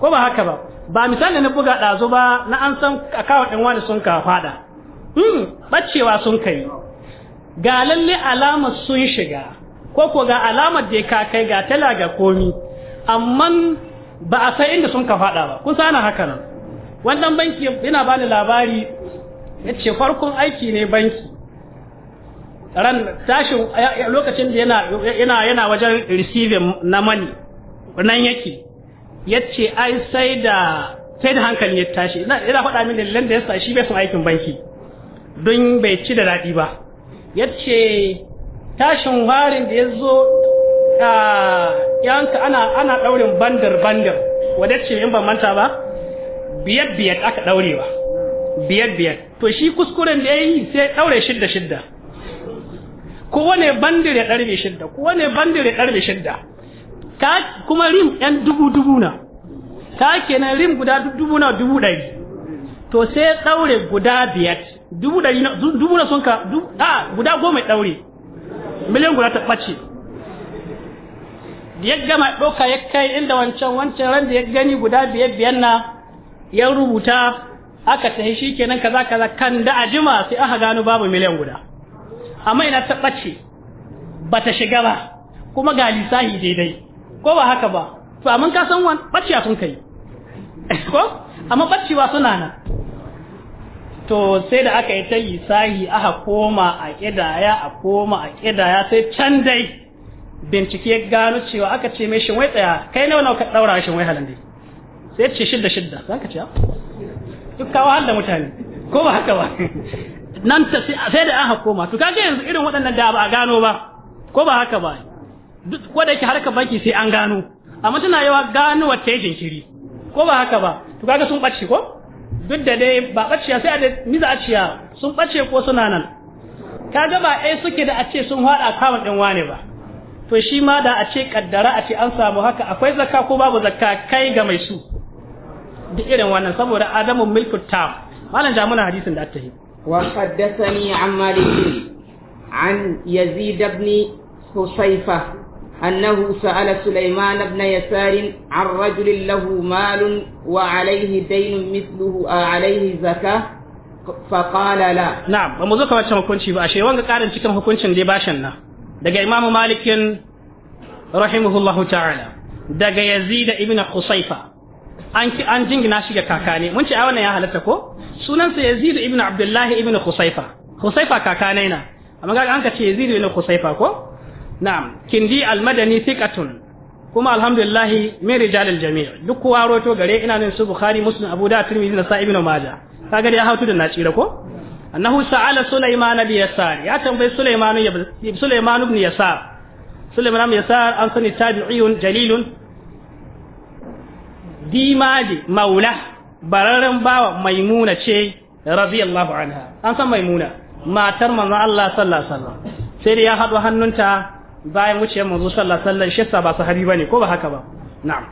ko ba haka ba ba misali na buga dazo ba na an san account din wani sun ka fada hmm bacewa sun kai ga lalle alama sun shiga ko ko ga alamar da ka kai ga tala ga komi amma ba a san inda sun ka fada ba kun sana haka nan wannan banki yana ba ni labari ya ce farkon aiki ne banki ran tashin lokacin da yana yana wajen receiving na mani nan yake ya ce ai sai da sai da hankali ya tashi ina faɗa min dalilan da ya sa shi bai son aikin banki don bai ci da daɗi ba ya ce tashin warin da ya zo ah, yanka ana ana ɗaurin bandar bandar wadda ce in ban manta ba biyar biyar aka daurewa biyar biyar to shi kuskuren da yayi sai daure shidda shidda kowane bandir ya darbe shidda kowane bandir ya darbe shidda ta kuma rim yan dubu dubu na ta kenan rim guda dubu na dubu ɗari to sai daure guda biyar dubu ɗari na dubu na sun ka a guda goma ya daure miliyan guda ta bace ya gama ɗauka ya kai inda wancan wancan ran da ya gani guda biyar biyan na ya rubuta aka tahi shikenan kaza kaza kan da ajima sai aka gano babu miliyan guda amma ina ta bace bata shiga ba kuma ga lisahi daidai ko ba haka ba to amma ka san wan bacciya sun kai ko amma ba suna nan to sai da aka yi ta lisahi aka koma a kidaya a koma a kidaya sai can dai bincike gano cewa aka ce mai shin wai tsaya kai nawa nawa ka daura shin wai halin dai sai ce shidda shidda za ka ce duk kawo har da mutane ko ba haka ba nan ta sai da an ma to kaga yanzu irin waɗannan da ba a gano ba ko ba haka ba duk ko da yake harkar banki sai an gano amma tana yawa gano yake jinkiri ko ba haka ba to kaga sun bace ko duk da dai ba baciya sai a da a ciya sun bace ko suna nan kaga ba ai suke da a ce sun hada kawun din wane ba to shi ma da a ce kaddara a ce an samu haka akwai zakka ko babu zakka kai ga mai su da irin wannan saboda adamu milku tam malan ja muna hadisin da attahi wa qaddasani an an yazid ibn husayfa annahu sa'ala sulaiman ibn yasar an rajulin lahu malun wa alayhi daynun mithluhu a alayhi zakah fa na'am ba mu zo hukunci ba ashe wanga karin cikin hukuncin da bashin na daga imamu malikin rahimahullahu ta'ala daga yazida ibn kusaifa. an jingina shi ga kakane mun ce a wannan ya halatta ko sunansa Yazid ibn Abdullah ibn Khusaifa Khusaifa kakane na amma ga an ka ce Yazid ibn Khusaifa ko na'am kindi al-madani thiqatun kuma alhamdulillah min rijal al-jami' duk kowa roto gare ina nan su Bukhari Muslim Abu Dawud Tirmidhi da Sa'ib ibn Majah kaga ya hautu da nacira ko annahu sa'ala Sulaiman bi Yasar ya tambayi Sulaiman ibn Sulaiman ibn Yasar Sulaiman ibn Yasar an sani tabi'iyun jalilun dimaji maula bararren bawa maimuna ce radiyallahu anha an san maimuna matar manzon Allah sallallahu alaihi wasallam sai da ya hadu hannunta bayan wuce manzo sallallahu alaihi wasallam shi sa ba sahabi bane ko ba haka ba na'am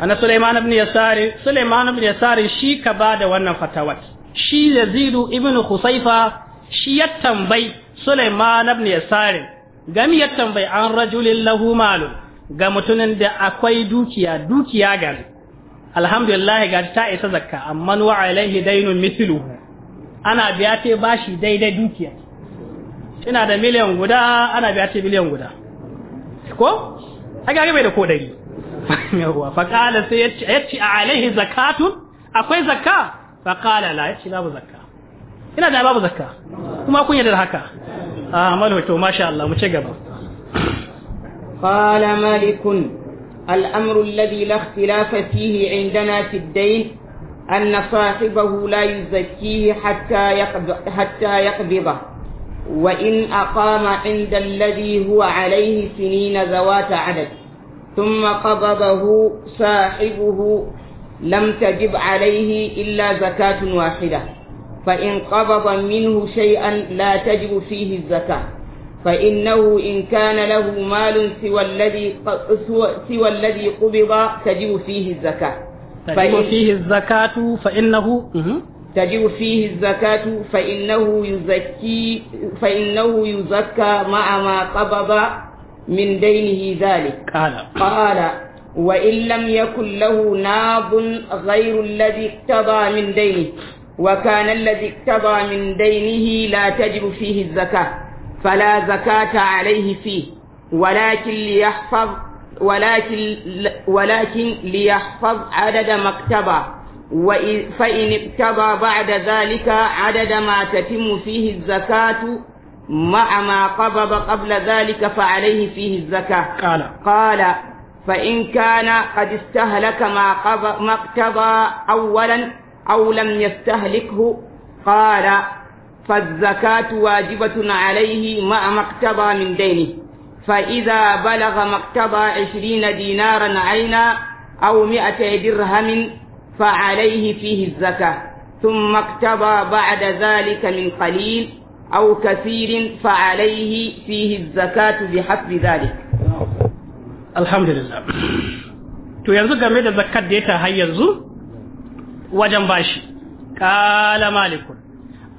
ana Sulaiman ibn Yasari Sulaiman ibn Yasari shi ka bada wannan fatawat shi Yazidu ibn Khusaifa shi ya tambayi Sulaiman ibn Yasari gami ya tambayi an rajulin lahu malun ga mutumin da akwai dukiya dukiya gari alhamdulillah ga ta isa zakka amma wa alaihi dainun mithluhu ana biya ce bashi daidai dukiya ina da miliyan guda ana biya ce miliyan guda ko aga bai da ko dari yawa fa qala sai yace yace alaihi zakatu akwai zakka fa qala la yace babu zakka ina da babu zakka kuma kun yarda haka ah malu to masha Allah mu ci gaba قال مالك الأمر الذي لا اختلاف فيه عندنا في الدين أن صاحبه لا يزكيه حتى يقبضه حتى يقبضه وإن أقام عند الذي هو عليه سنين ذوات عدد ثم قبضه صاحبه لم تجب عليه إلا زكاة واحدة فإن قبض منه شيئا لا تجب فيه الزكاة فإنه إن كان له مال سوى الذي سوى الذي قبض تجب فيه الزكاة تجب فيه الزكاة فإنه تجب فيه الزكاة فإنه يزكي فإنه يزكى مع ما قبض من دينه ذلك قال قال وإن لم يكن له ناب غير الذي اقتضى من دينه وكان الذي اقتضى من دينه لا تجب فيه الزكاة فلا زكاة عليه فيه ولكن ليحفظ ولكن ولكن ليحفظ عدد ما اكتبى فإن اكتبى بعد ذلك عدد ما تتم فيه الزكاة مع ما قبض قبل ذلك فعليه فيه الزكاة قال قال فإن كان قد استهلك ما, قضى ما اقتضى أولا أو لم يستهلكه قال فالزكاة واجبة عليه ما مقتضى من دينه فإذا بلغ مقتضى عشرين دينارا عينا أو مئة درهم فعليه فيه الزكاة ثم اقتضى بعد ذلك من قليل أو كثير فعليه فيه الزكاة بحسب ذلك الحمد لله to yanzu game da zakkar da ya ta har yanzu wajen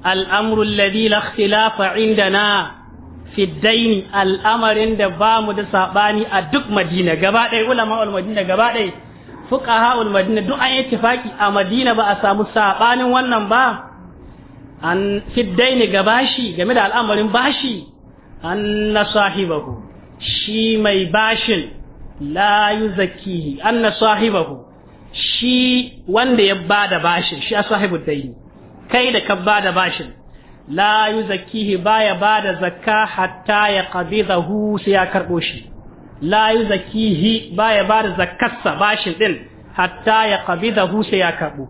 al'amru alladhi la ikhtilafa indana al'amarin da ba mu da sabani a duk madina gaba ɗaya ulama ul madina gaba ɗaya fuqaha ul duk an ittifaki a madina ba a samu sabanin wannan ba an fi daini gabashi game da al'amarin bashi an na sahibahu shi mai bashin la yuzakihi an na sahibahu shi wanda ya bada bashin shi a sahibul daini kai da ka bada bashin la yuzakkihi baya bada zakka hatta ya qabidahu sai ya karbo shi la yuzakkihi baya bada zakkarsa bashin din hatta ya qabidahu sai ya karbo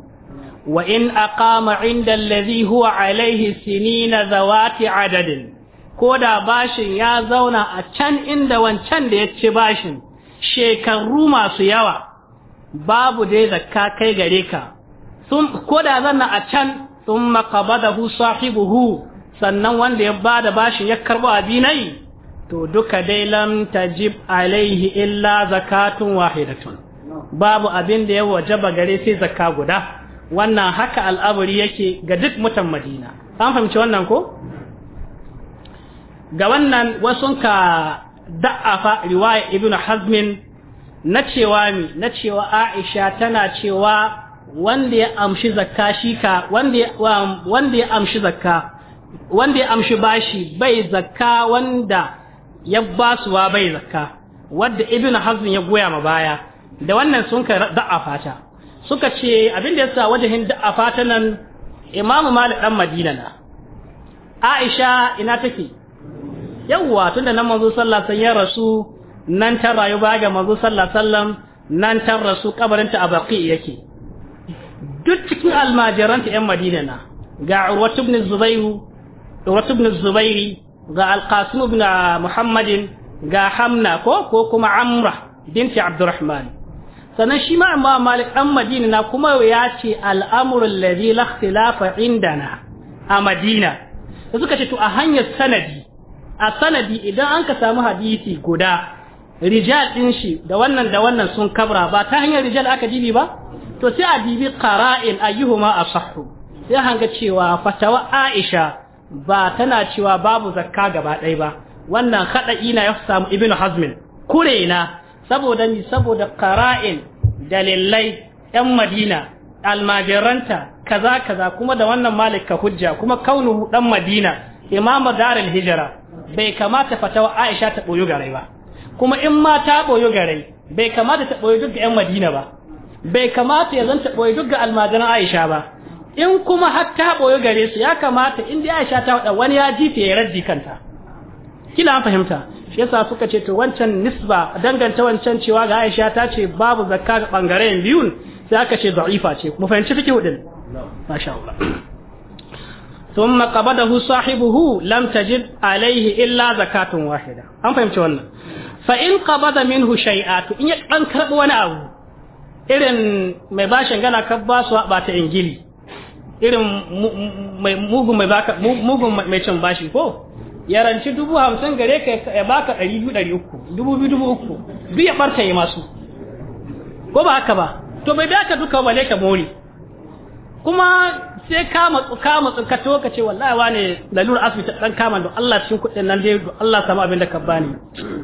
wa in aqama inda alladhi huwa alaihi sinina zawati adadin koda bashin ya zauna a can inda wancan da ya ci bashin shekaru masu yawa babu dai zakka kai gare ka ko koda zanna a can thumma qabadahu sahibuhu sannan wanda ya bada bashin ya karbo abinai to duka dai lam tajib alaihi illa zakatun wahidatun babu abin da ya wajaba gare sai zakka guda wannan haka al'abari yake ga duk mutan Madina an fahimci wannan ko ga wannan wasun ka da'afa riwaya ibnu hazmin na cewa mi na cewa Aisha tana cewa wanda ya amshi zakka shi ka wanda ya amshi zakka wanda ya amshi bashi bai zakka wanda ya basuwa bai zakka wadda ibn hazm ya goya ma baya da wannan sun ka da'a fata suka ce abin da yasa wajahin da'a fata nan imam malik dan madina na aisha ina take yawwa tunda nan manzo sallallahu alaihi wasallam rasu nan ta rayu ba ga manzo sallallahu alaihi wasallam nan ta rasu kabarinta a baqi yake duk cikin almajiranta yan madina na ga urwat ibn zubairi ga alqasim na muhammadin ga hamna ko ko kuma amra binti abdurrahman sannan shi ma amma malik an madina na kuma ya ce al'amurin lalzi inda na a madina da suka ce to a hanyar sanadi a sanadi idan an ka samu hadisi guda rijal ɗin shi da wannan da wannan sun kabra ba ta hanyar rijal aka dibi ba to sai a dibi qara'in ayyuhuma asahhu sai hanga cewa fatawa Aisha ba tana cewa babu zakka gaba ɗaya ba wannan khada'i na ya samu ibnu hazmin kurena saboda ni saboda qara'in dalilai yan madina almajiranta kaza kaza kuma da wannan malika hujja kuma kaunuhu dan madina imam darul hijra bai kamata fatawa aisha ta boyo ba kuma in ma ta boyo garai bai kamata ta boyo duk ga yan madina ba bai kamata ya zanta boye duk ga almajiran Aisha ba in kuma har ta boye gare su ya kamata in dai Aisha ta wada wani ya ji ta ya raddi kanta kila an fahimta shi yasa suka ce to wancan nisba danganta wancan cewa ga Aisha ta ce babu zakka ga bangaren biyun sai aka ce da'ifa ce mu fahimci fiki hudin masha Allah ثم قبضه صاحبه لم تجد عليه illa zakatun واحدة an fahimci wannan fa in qabada minhu shay'atu in ya dan karbi wani abu irin mai bashin gana ka ba su ba ta ingili irin mugun mai baka mugun mai cin bashi ko yaranci dubu hamsin gare ka ya baka ɗari biyu ɗari uku dubu biyu dubu uku duk ya ɓarta yi masu ko ba haka ba to bai daka duka ba ne ka mori kuma sai ka matsu ka matsu ka to ka ce wallahi wane lalur asibiti dan kama don Allah cikin kuɗin nan dai don Allah samu abin da ka bani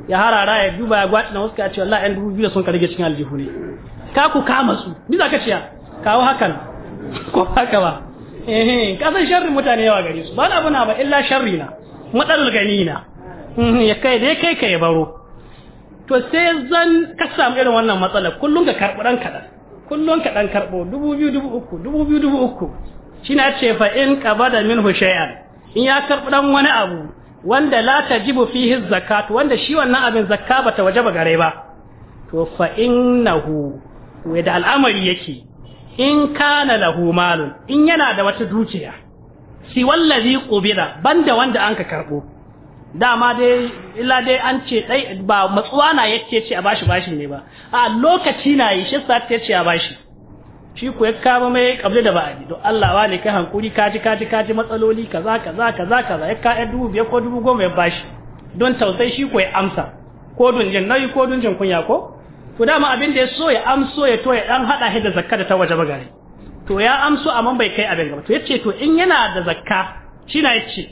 ya harara ya duba ya gwaci na wasu ka ce wallahi ɗan dubu biyu da sun ka rage cikin aljihu ne ka ku kama su ni za ka ciya kawo hakan ko haka ba eh san sharrin mutane yawa gare su ba na abu na ba illa sharri na matsalar gani na ya kai ya kai ka ya baro to sai zan ka samu irin wannan matsalar kullum ka karɓi ɗan kaɗan kullum ka ɗan karɓo dubu biyu dubu uku dubu biyu dubu uku shi na ce fa in qabada min shay'an in ya karɓi ɗan wani abu wanda la jibu fihi zakat wanda shi wannan abin zakka bata wajaba gare ba to fa innahu da al'amari yake in kana lahu malun in yana da wata dukiya si wallazi qubira banda wanda anka karbo dama dai illa dai an ce dai ba matsuwa na yace ce a bashi bashin ne ba a lokaci na yi shi ta ce a bashi shi ku ya kama mai kabli da ba'adi don Allah wa ne kai hankuri kaji kaji kaji matsaloli kaza kaza kaza kaza ya ka dubu biyar ko dubu goma ya bashi don tausayi shi ku ya amsa ko dunjin nayi ko dunjin kunya ko to dama abin da ya so ya amso ya to ya dan hada shi da zakka da ta waje bagare to ya amso amma bai kai abin gaba to yace to in yana da zakka shi na yace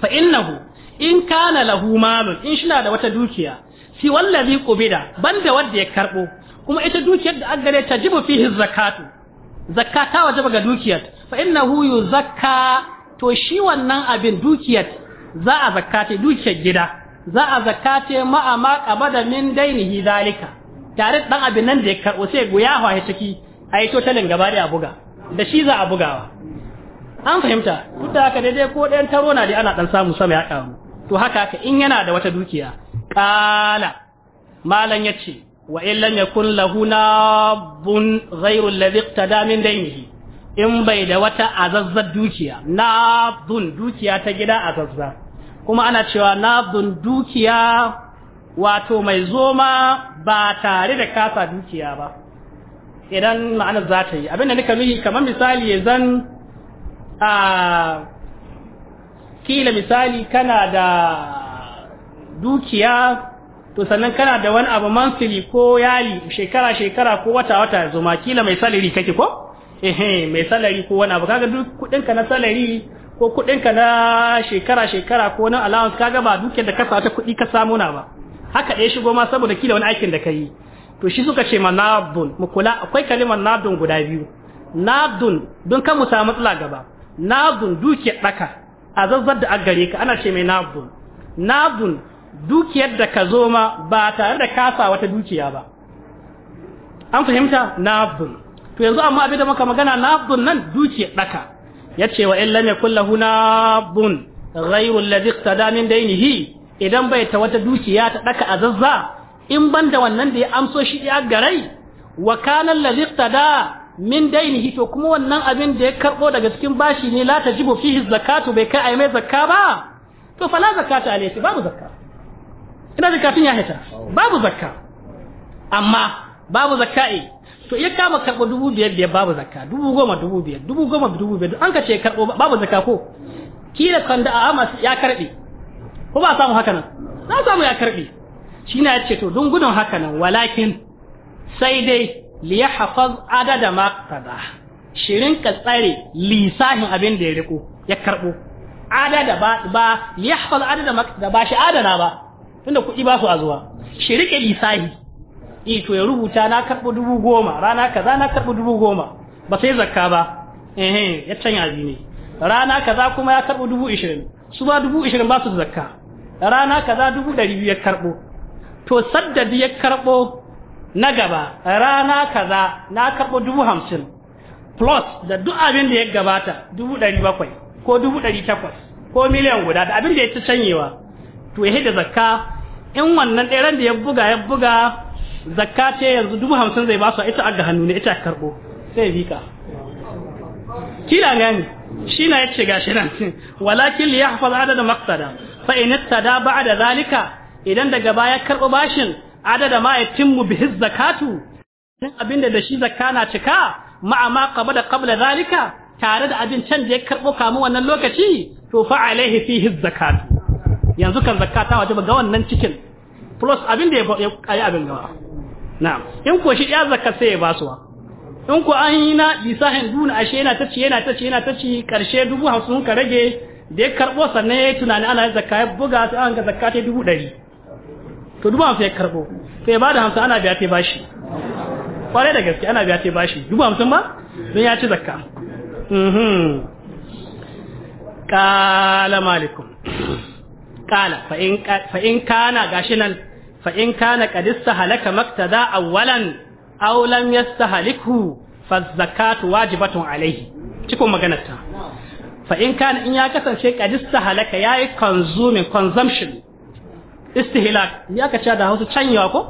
fa innahu in kana lahu malun in na da wata dukiya si wallazi qubida banda wanda ya karbo kuma ita dukiyar da an gare ta jibu fihi zakatu Zakka ta waje ga dukiyar fa innahu yuzakka to shi wannan abin dukiyar za a zakate dukiyar gida za a zakate ma'a ma qabada min dainihi zalika tare dan abin nan da ya karbo sai ya hawa ciki a yi totalin gaba da a buga da shi za a bugawa an fahimta duk da haka daidai ko ɗayan taro na dai ana ɗan samu sama ya ƙaru to haka haka in yana da wata dukiya ƙala malam ya ce wa in lam yakun lahu nabun ghairu alladhi iqtada min daynihi in bai da wata azazzar dukiya nabun dukiya ta gida azazza kuma ana cewa nabun dukiya wato mai zoma ba tare da kasa dukiya ba idan ma'anar za ta yi abinda nika nuhi kamar misali ya zan a kila misali kana da dukiya to sannan kana da wani abu mansili ko yali shekara-shekara ko wata-wata ya zoma kila mai salari kake ko? ehe mai salari ko wani abu kaga duk kudinka na salari ko kudinka na shekara-shekara ko na allowance kaga ba dukiyar da ka sata kudi ka samu na ba haka ɗaya shigo ma saboda kila wani aikin da ka yi to shi suka ce ma nadun mu kula akwai kalimar nadun guda biyu nadun don kan mu samu matsala gaba nadun dukiyar ɗaka a zazzar da aggare ka ana ce mai nadun nadun dukiyar da ka zo ma ba tare da kasa wata dukiya ba an fahimta nadun to yanzu amma abin da muka magana nadun nan dukiyar ɗaka ya ce wa in lam kullahu nadun ghayru alladhi iqtada min idan bai ta wata dukiya ta daka azazza in ban da wannan da ya amso shi ya garai wa kana allazi da min dainihi to kuma wannan abin da ya karbo daga cikin bashi ne la tajibu fihi zakatu bai kai mai zakka ba to fala zakata alayhi babu zakka ina zakatun ya hita babu zakka amma babu zakka'i eh, to iya kama karɓo dubu biyar biyar babu zakka dubu goma dubu biyar dubu goma dubu biyar an ka ce karɓo babu zakka ko kila kan a a ya karɓe ko ba samu haka nan na samu ya karbi shi na yace to don gudun haka nan walakin sai dai li yahfaz adada ma qada shirin ka tsare lisahin abin da ya riko ya karbo adada ba ba yahfaz adada ma da ba shi adana ba tunda kuɗi ba su azuwa shirike lisahi eh to ya rubuta na karbo dubu goma rana kaza na karbo dubu goma ba sai zakka ba eh ya canya ne rana kaza kuma ya karbo dubu ishirin su ba dubu ishirin ba su zakka rana kaza dubu ɗari biyu ya karɓo to saddadi ya karɓo na gaba rana kaza na karɓo dubu hamsin plus da duk abin da ya gabata dubu ɗari bakwai ko dubu ɗari takwas ko miliyan guda da abin da ya ci canyewa to ya da zakka in wannan ɗeran da ya buga ya buga zakka ce yanzu dubu hamsin zai ba su ita a ga hannu ne ita karɓo sai ya bika kila gani shi na yace gashi nan walakin li yahfaz adada maqsada fa in tada ba'da zalika idan daga baya karbo bashin adada ma yatimmu bihi zakatu din abinda da shi zakka na cika ma'a ma qabla qabla zalika tare da abin can da ya karbo kamun wannan lokaci to fa alaihi fihi zakatu yanzu kan zakata wajaba ga wannan cikin plus abin da ya abin gawa na'am in ko shi ya zakka sai ya basuwa in ku an yi na lisahin duna ashe yana ta ci yana ta ci yana ta ci karshe dubu hamsin ka rage da ya karɓo sannan ya yi tunani ana zakka ya buga sai an ga zakka ta dubu ɗari to dubu hamsin ya karɓo to ya bada hamsin ana biya ta bashi kwarai da gaske ana biya ta bashi dubu hamsin ba don ya ci zakka kala mhm. malikum kala fa in kana gashi nan fa in kana kadista halaka maktada awwalan aw lam yastahlikhu fa zakatu wajibatun alaihi cikin maganar ta fa in kan in ya kasance kadista halaka yayi consuming consumption istihlak ya ka da Hausa canyewa ko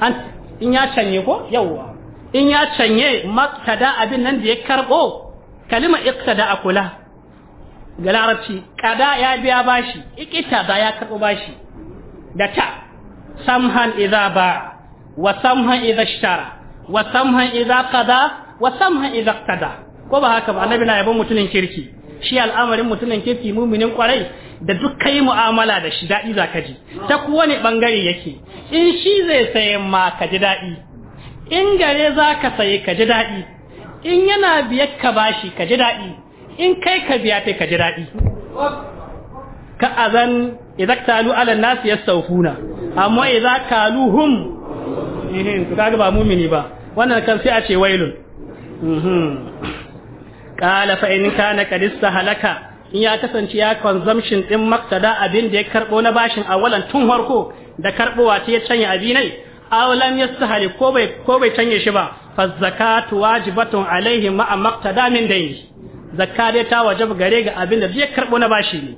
an in ya canye ko yawa in ya canye maktada abin nan da ya karbo kalima iqtada akula ga larabci kada ya biya bashi iqita da ya karbo bashi da ta samhan idza ba wa samhan idza ishtara wa samhan idza qada wa idza qada ko ba haka ba annabi na yabon mutumin kirki shi al'amarin mutumin kirki muminin kwarai da duk kai mu'amala da shi daɗi za ka ji ta kowane ɓangare yake in shi zai saye ma ka ji daɗi in gare za ka saye ka ji daɗi in yana biyar ka bashi ka ji daɗi in kai ka biya ta ka ji daɗi ka azan idan talu ala nasu ya saufuna amma idan kaluhum ehin to kaga ba mumini ba wannan kan a ce wailun Ƙalafa mhm. fa in kana qad halaka in ya kasance ya consumption din maktada abin da ya karbo na bashin awalan tun harko da karbowa ce ya canya abinai awalan yastahali ko bai ko bai canye shi ba fa zakatu wajibatun alaihi ma maktada min dai zakka dai ta wajaba gare ga abin da ya karbo na bashi ne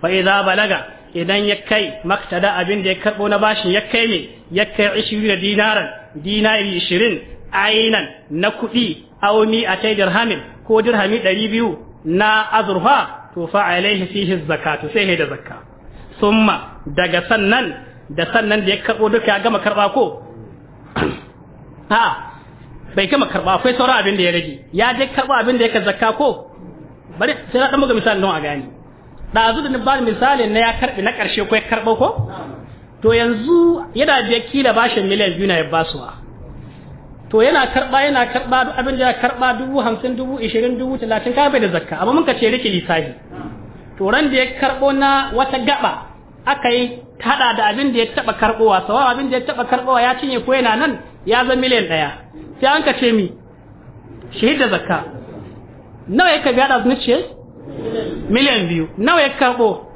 fa idza balaga idan ya kai maktada abin da ya karbo na bashin ya kai me ya kai ishirin dinaran dinari ishirin ainan na kuɗi auni a ta'idar dirhamin ko dirhami ɗari biyu na azurfa to fa alaihi fihi zakatu sai da zakka summa daga sannan da sannan da ya karbo duka ya gama karba ko ha bai gama karba akwai sauran abin da ya rage ya je karba abin da ya ka zakka ko bari sai na dan muga misali don a gani ɗazu da na ba misalin na ya karɓi na ƙarshe ko ya karɓo ko to yanzu yana da kila bashin miliyan biyu na ya basuwa to yana karɓa yana karɓa duk abin da ya karɓa dubu hamsin dubu ishirin dubu talatin kafa bai da zakka amma mun ka ce rike lissafi to ran da ya karɓo na wata gaba aka yi haɗa da abin da ya taɓa karɓowa sawa abin da ya taɓa karɓowa ya cinye ko yana nan ya zama miliyan ɗaya sai an ka ce mi shahid da zakka nawa ya ka biya da ce miliyan biyu nawa ya karbo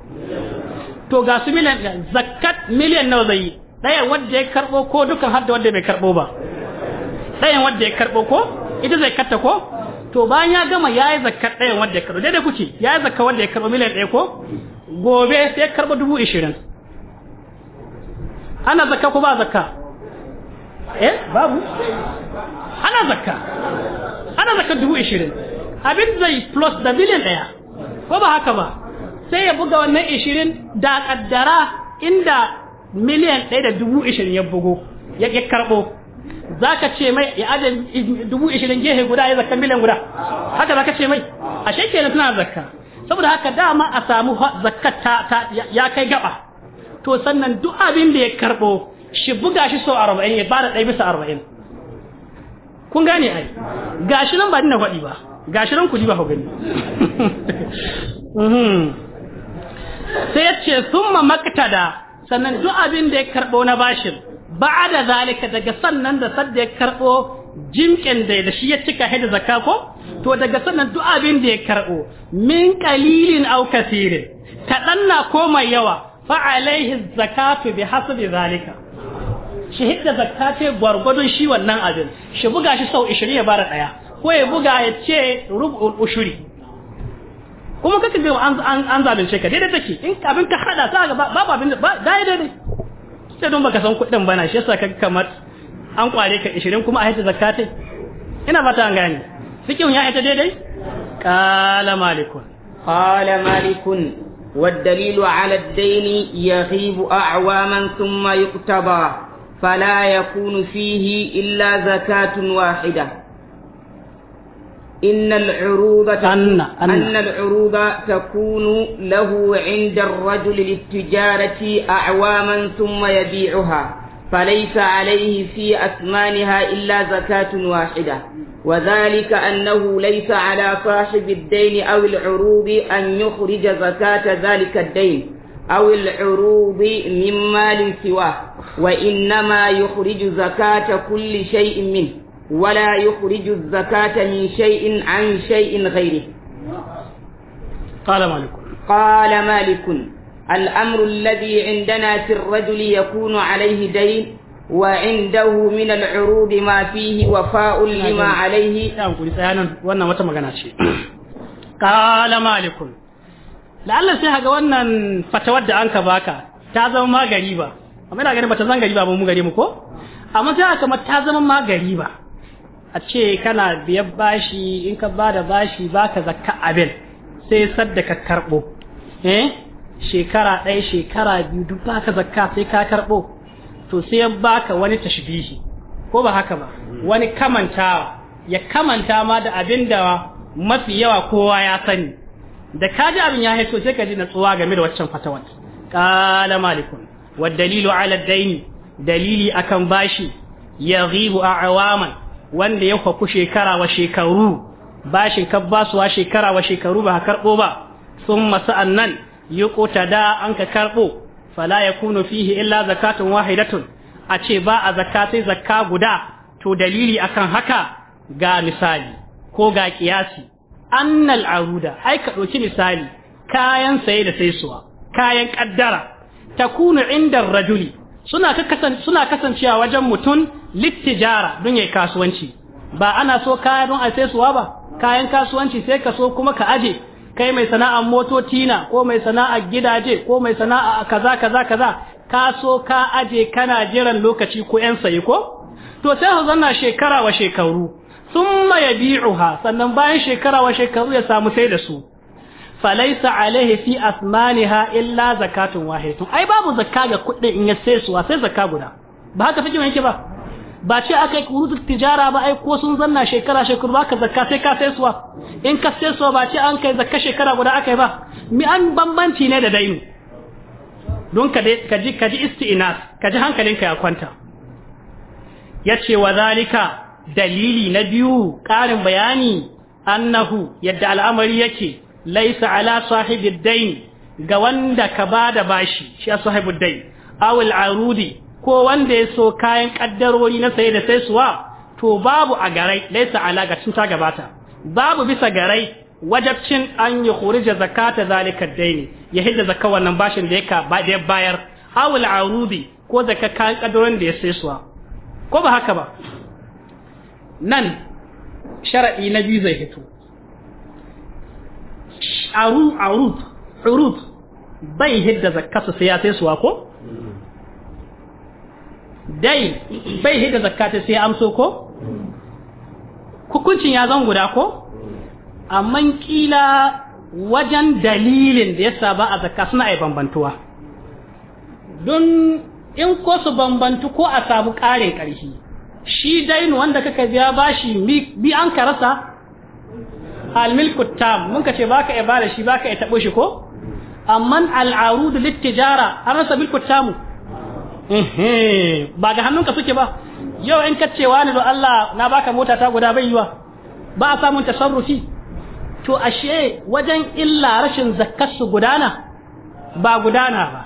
to ga su miliyan zakat miliyan nawa zai yi daya wadda ya karbo ko dukan hadda wadda bai karbo ba ɗayan wadda ya karbo ko ita zai katta ko to bayan ya gama ya yi zakat ɗayan wadda ya karbo da kuce ya yi zakat wadda ya karbo miliyan ɗaya ko gobe sai ya karbo dubu ishirin ana zakka ko ba zakka eh babu ana zakka ana zakka dubu ishirin abin zai plus da miliyan ɗaya ko ba haka ba sai ya buga wannan ishirin da kaddara inda miliyan ɗaya da dubu ishirin ya bugo ya karɓo za ka ce mai ya aje dubu ishirin gehe guda ya zakka miliyan guda haka za ka ce mai a shekenan tana zakka saboda haka dama a samu zakka ta ya kai gaba to sannan duk abin da ya karɓo shi buga shi sau arba'in ya bada ɗaya bisa arba'in kun gane ai gashi nan ba dina kwadi ba gashi nan ku ji ba ku gani mhm. sai yace summa maktada sannan duk abin da ya karbo na bashin da zalika daga sannan da sadda ya karbo jimkin da da shi ya cika hada zakka ko to daga sannan duk abin da ya karbo min qalilin aw kasirin kadan na ko mai yawa fa alaihi zakatu bi hasbi zalika shi hidda zakka ce gwargwadon shi wannan abin shi buga shi sau 20 ya bara daya ko ya buga ya ce rub'ul ushuri kuma kaka ga an an zalunce ka daidai take in abin ka hada ta ga babu abin da daidai ne sai don baka san kuɗin bana shi yasa kaga kamar an kware ka 20 kuma a haita zakatai ina fata an gane fikin ya haita daidai qala malikun qala malikun والدليل على الدين يغيب أعواما ثم يقتضى فلا يكون فيه إلا زكاة واحدة إن العروض أن أن العروض تكون له عند الرجل للتجارة أعواما ثم يبيعها فليس عليه في أثمانها إلا زكاة واحدة وذلك أنه ليس على صاحب الدين أو العروض أن يخرج زكاة ذلك الدين أو العروض من مال سواه وإنما يخرج زكاة كل شيء منه ولا يخرج الزكاة من شيء عن شيء غيره قال مالك قال مالك الأمر الذي عندنا في الرجل يكون عليه دين وعنده من العروض ما فيه وفاء لما عليه wannan wata magana ce qala malikun la'alla sai haga wannan fatawar da anka baka ta zama magari ba amma ina ganin bata zan gari ba mu gari mu ko ta zama magari ba a ce kana biyar bashi in ka bada bashi ba baka zakka abin sai sadda ka karɓo eh shekara ɗaya shekara biyu duk baka zakka sai ka karɓo to sai ya baka wani tashbihi ko ba haka ba wani kamantawa ya kamanta ma da abin da mafi yawa kowa ya sani da ka ji abin ya haito sai ka ji natsuwa game da waccan fatawar qala malikun wa dalilu ala daini dalili akan bashi ya a a'waman wanda ya kwaku shekara wa shekaru bashin ka basuwa shekara wa shekaru ba karɓo ba sun masu annan yi kota da an ka karɓo fala ya kuno fihi illa zakatun wahidatun a ce ba a zakatai zakka guda to dalili akan haka ga misali ko ga kiyasi annal aruda ai ka ɗauki misali kayan saye da saisuwa kayan ƙaddara takunu inda rajuli suna kasancewa wajen mutum littijara don yayi kasuwanci ba ana so kaya don a sai suwa ba kayan kasuwanci sai ka so kuma ka aje kai mai sana'ar motoci na ko mai sana'a gidaje ko mai sana'a kaza kaza kaza ka so ka aje kana jiran lokaci ko yan sayi ko to sai ha zanna shekara wa shekaru thumma yabi'uha sannan bayan shekara wa shekaru ya samu sai da su falaisa alayhi fi asmaniha illa zakatun wahidatun ai babu zakka ga kuɗin in ya sai suwa sai zakka guda ba haka fiki yake ba ba ce aka yi kurutu tijara ba ai ko sun zanna shekara shekaru ba ka zakka sai ka sai in ka sai suwa ba ce an kai zakka shekara guda aka yi ba mi an bambanci ne da dainu don ka ji ka ji isti'nas ka ji hankalinka ya kwanta yace wa zalika dalili na biyu karin bayani annahu yadda al'amari yake laisa ala sahibi dain ga wanda ka ba da bashi shi sahibi dain awul arudi ko wanda ya so kayan kaddarori na saye da sai suwa to babu a garai laisa alaga cuta gabata babu bisa garai wajabcin an yi khurija zakata zalika daini ya hidda zakka wannan bashin da yake ba da bayar awul arudi ko zakka kayan kaddarorin da ya sai ko ba haka ba nan sharadi na biyu zai fito aru arud hurub bai hidda zakka sai ya sai suwa ko dai bai hidda zakata sai amso ko hukuncin ya zan guda ko amma kila wajen dalilin da ya saba a zakka suna yi bambantuwa don in ko su bambantu ko a samu ƙarin ƙarfi shi dainu wanda kaka biya bashi bi an ka rasa almilku tam mun ka ce baka ibada shi baka ya tabo shi ko amma al'arud littijara an rasa bilku tamu ba ga hannunka suke ba yau in ka cewa ne Allah na baka mota ta guda bai yiwa ba a samun tasarrufi to ashe wajen illa rashin zakkar su gudana ba gudana ba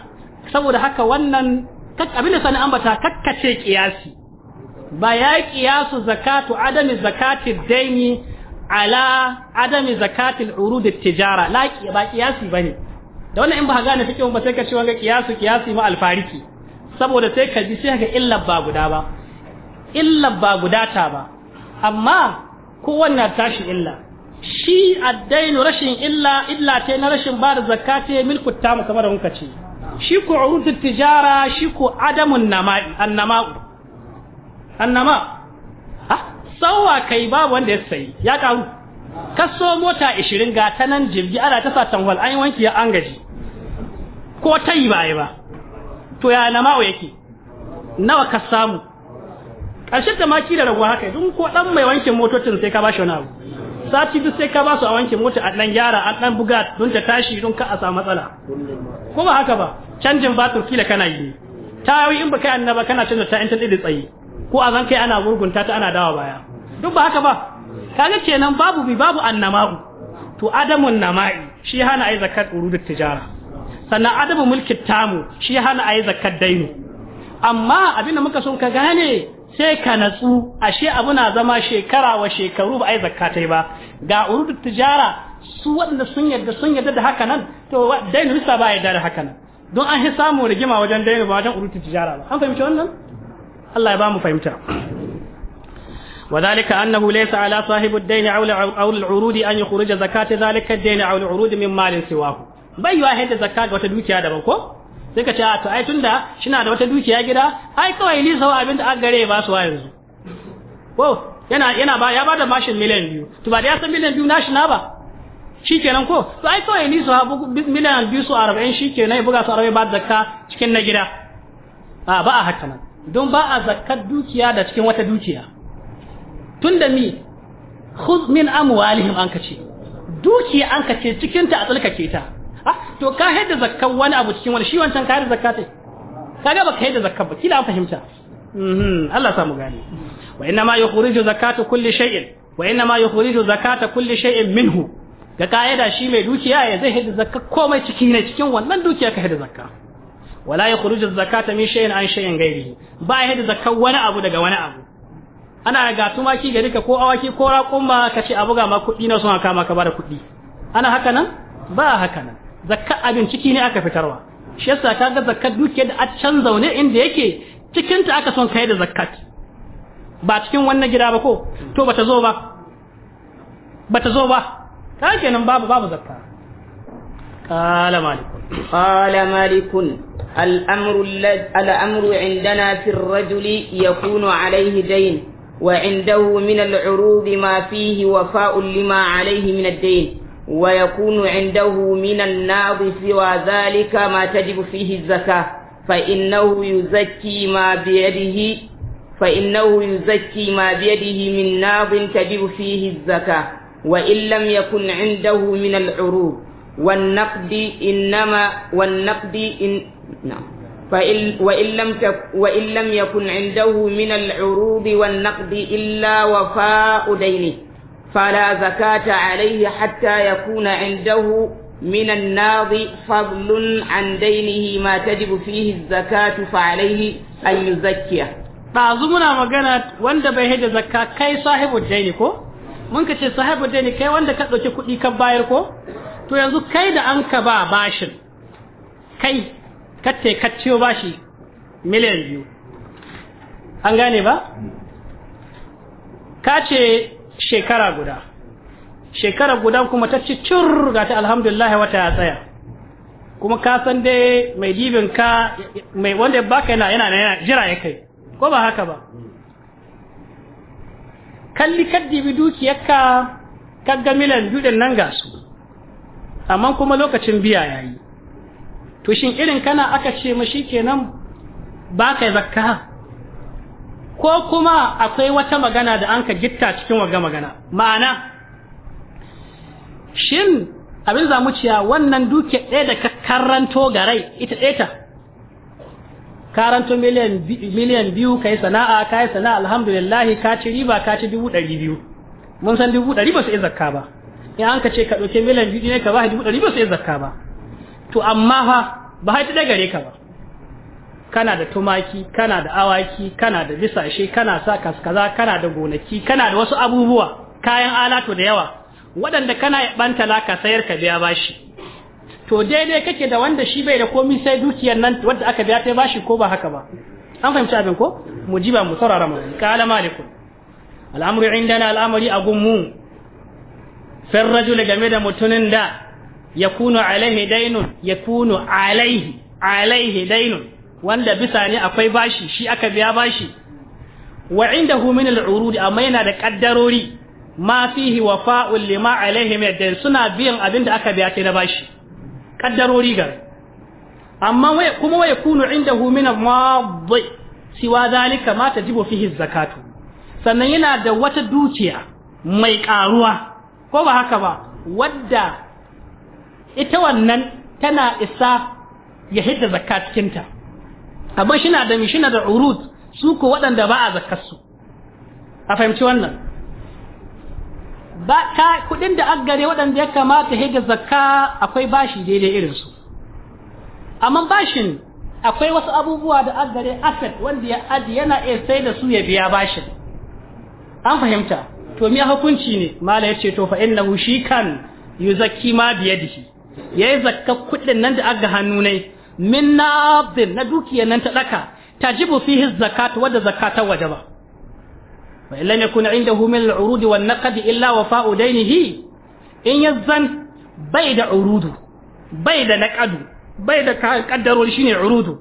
saboda haka wannan abin da sani ambata kakkace kiyasi ba ya kiyasu zakatu adami zakati daini ala adami zakati urud tijara la ba kiyasi bane da wannan in ba gane fikin ba sai ka ce wanga kiyasu kiyasi ma alfariki saboda sai ka ji sai ka illar ba guda ba illar ba guda ta ba amma kowanne tashi illa shi addainu rashin illa illa ta na rashin ba da zakka ta mu kamar wanka ce shi ko urutu tijara shi ko adamun nama'i annama annama ha sawa kai babu wanda ya sayi ya karu kaso mota 20 ga ta nan jirgi ana ta sa tanwal an wanki ya an gaji ko ta yi ba ba to ya lama'u yake nawa ka samu ƙarshen ta maki da raguwa haka idan ko dan mai wankin motocin sai ka bashi wani abu sati duk sai ka basu a wankin mota a dan gyara a dan buga don ta tashi don ka a samu matsala ko ba haka ba canjin batir kila kana yi ta yi in baka annaba kana canza ta ta da tsayi ko a zan kai ana gurgunta ta ana dawa baya duk ba haka ba kaga kenan babu bi babu annama'u to adamun nama'i shi hana ai zakat urudut tijara sannan adabu mulkin tamu shi hana a yi zakkar dainu amma abinda muka son ka gane sai ka natsu ashe abu na zama shekara wa shekaru ba a yi zakkatai ba ga urudu tijara su waɗanda sun yarda sun yarda da haka nan to dainu lissa ba yarda da haka nan don an yi samun rigima wajen dainu ba wajen urudu tijara ba an fahimci wannan Allah ya ba mu fahimta وذلك أنه ليس على صاحب الدين أو العروض أن يخرج زكاة ذلك الدين أو العروض من مال سواه bai yiwa yadda zakka ga wata dukiya daban ko sai ka ce a to ai tunda shina da wata dukiya gida ai kawai ni sau abin da an gare ba su yanzu ko yana yana ba ya bada mashin miliyan biyu to ba da ya san miliyan biyu nashi na ba shikenan ko to ai kawai ni sau abu miliyan biyu su arba'in shikenan ya buga su arba'in ba zakka cikin na gida a ba a haka nan don ba a zakkar dukiya da cikin wata dukiya tunda mi khudh min amwalihim an kace dukiya an kace cikin ta a tsalkake ta to ka haida zakkan wani abu cikin wani shi wancan ka haida zakka ce kaga baka haida zakka ba kila an fahimta mhm Allah samu gane wa inna ma yukhriju zakata kulli shay'in wa inna ma yukhriju zakata kulli shay'in minhu ga kaida shi mai dukiya ya zai haida zakka komai cikin ne cikin wannan dukiya ka haida zakka wala yukhriju zakata min shay'in an shay'in ghairihi ba ya haida zakka wani abu daga wani abu ana ga tumaki gari ka ko awaki ko raƙumma ka ce abu ga ma kuɗi na suna kama ka ba da kuɗi ana haka nan ba haka nan zakka abin ciki ne aka fitarwa shi yasa kaga zakkat duke da a can zaune inda yake cikin ta aka son kai da zakkat ba cikin wannan gida ba ko to bata zo ba bata zo ba kaga kenan babu babu zakka قال مالك قال مالك الأمر, الأمر عندنا في الرجل يكون عليه دين وعنده من العروض ما فيه وفاء لما عليه من الدين ويكون عنده من الناظف وذلك ما تجب فيه الزكاة فإنه يزكي ما بيده فإنه يزكي ما بيده من ناظ تجب فيه الزكاة وإن لم يكن عنده من العروض والنقد إنما والنقد إن نعم فإن وإن لم وإن لم يكن عنده من العروض والنقد إلا وفاء دينه فلا زكاة عليه حتى يكون عنده من الناظ فضل عن دينه ما تجب فيه الزكاة فعليه أن يزكيه ɗazu muna magana wanda bai haida zakka kai sahibu daini mun ka ce sahibu daini wanda ka ɗauki kuɗi ka bayar to yanzu kai da an ka ba bashin kai katte ka bashi miliyan biyu an gane ba ka ce shekara guda shekara guda kuma ta ci cur ga ta alhamdulillah wata ya tsaya kuma ka san dai mai dibin ka mai wanda baka yana yana yana jira ya kai ko ba haka ba kalli ka dibi dukiyarka ka ga milan biyu nan ga su amma kuma lokacin biya yayi to shin irin kana aka ce ma shikenan ba kai zakka ko kuma akwai wata magana da an ka gitta cikin waga magana ma'ana shin abin zamuciya wannan duke ɗaya da ka karanto ga rai ita ɗaya karanto miliyan biyu ka yi sana'a ka yi sana'a alhamdulillah ka ci riba ka ci dubu ɗari biyu mun san dubu ɗari ba su yi zakka ba in an ka ce ka ɗauke miliyan biyu ne ka ba dubu ɗari ba su yi zakka ba to amma fa ba haiti ɗaya gare ka ba kana da tumaki kana da awaki kana da bisashe kana sa kaskaza kana da gonaki kana da wasu abubuwa kayan alato da yawa waɗanda kana yabanta laka sayar ka biya bashi to daidai kake da wanda shi bai da komai sai dukiyar nan wadda aka biya ta bashi ko ba haka ba an fahimci abin ko ba mu saurara mu qala malikun al'amru indana al'amri agummu sai rajul game da mutunin da yakunu alaihi dainun yakunu alaihi alaihi dainun wanda bisa ne akwai bashi shi aka biya bashi wa indahu min al-urud amma yana da kaddarori ma fihi wafa'un lima alaihim yadda suna biyan abinda aka biya sai da bashi kaddarori ga amma wai kuma wai kunu indahu min al-madh siwa zalika ma tajibu fihi zakatu sannan yana da wata dukiya mai karuwa ko ba haka ba wadda ita wannan tana isa ya hidda zakat amma shina da mishina da urud su ko waɗanda ba a zakar su a fahimci wannan ba ka kudin da aggare waɗanda ya kamata higa zakka akwai bashi daidai irin su amma bashin akwai wasu abubuwa da aggare asset wanda ya adi yana iya sai da su ya biya bashin an fahimta to me hukunci ne mala yace to fa innahu shikan yuzakki ma biyadihi yayi zakka kuɗin nan da aga hannu ne min na nabdin na dukiyar nan ta ɗaka, daka tajibu fihi zakat wadda zakata wajaba fa illa yakun indahu min al-urud wan naqd illa wafa'u daynihi in ya zan bai da urudu bai da naqadu bai da kaddarori shine urudu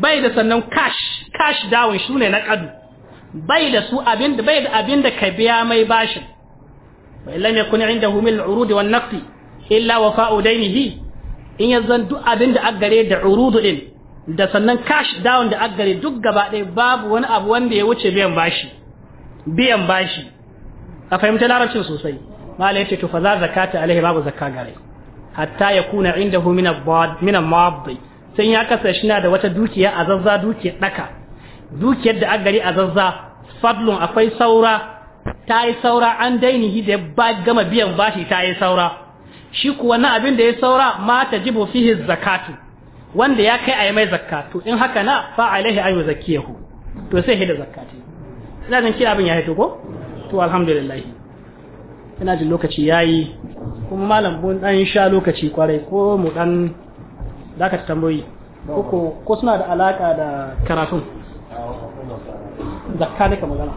bai da sannan cash cash down shine naqadu bai da su abin da bai da abin da ka biya mai bashin wa illam yakun indahu min al-urud wan naqd illa wafa'u daynihi in ya zan duk abin da aggare da urudu din da sannan cash down da aggare duk gaba ɗaya babu wani abu wanda ya wuce biyan bashi biyan bashi a fahimta larabcin sosai malai ce to fa za zakata alaihi babu zakka gare hatta ya kuna indahu min abad min amadi sai ya kasa shi na da wata dukiya a zazza dukiya daka dukiyar da aggare a zazza fadlun akwai saura tayi saura an dainihi da ba gama biyan bashi tayi saura shi kuwa na abin da ya saura ma jibo fihi zakatu wanda ya kai a yi mai zakatu in haka na fa alaihi ayu zakiyahu to sai hida zakatu. ina jin kira abin ya haito ko to alhamdulillah ina jin lokaci ya yi kuma malam mun dan sha lokaci kwarai ko mu dan zaka tambayi ko ko suna da alaka da karatun zakka ne ka magana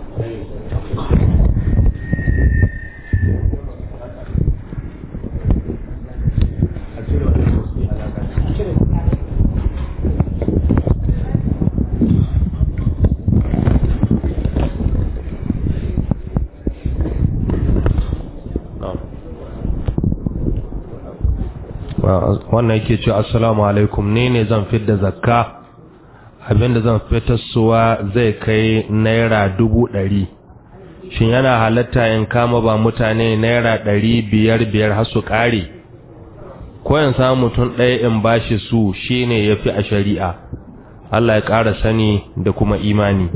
wannan yake cewa assalamu alaikum ne ne zan da zakka abinda zan fi tasowa zai kai naira dubu ɗari shin yana halatta in kama ba mutane naira ɗari biyar biyar har su koyan samun mutum ɗaya in ba shi su shi ya fi a shari'a Allah ya ƙara sani da kuma imani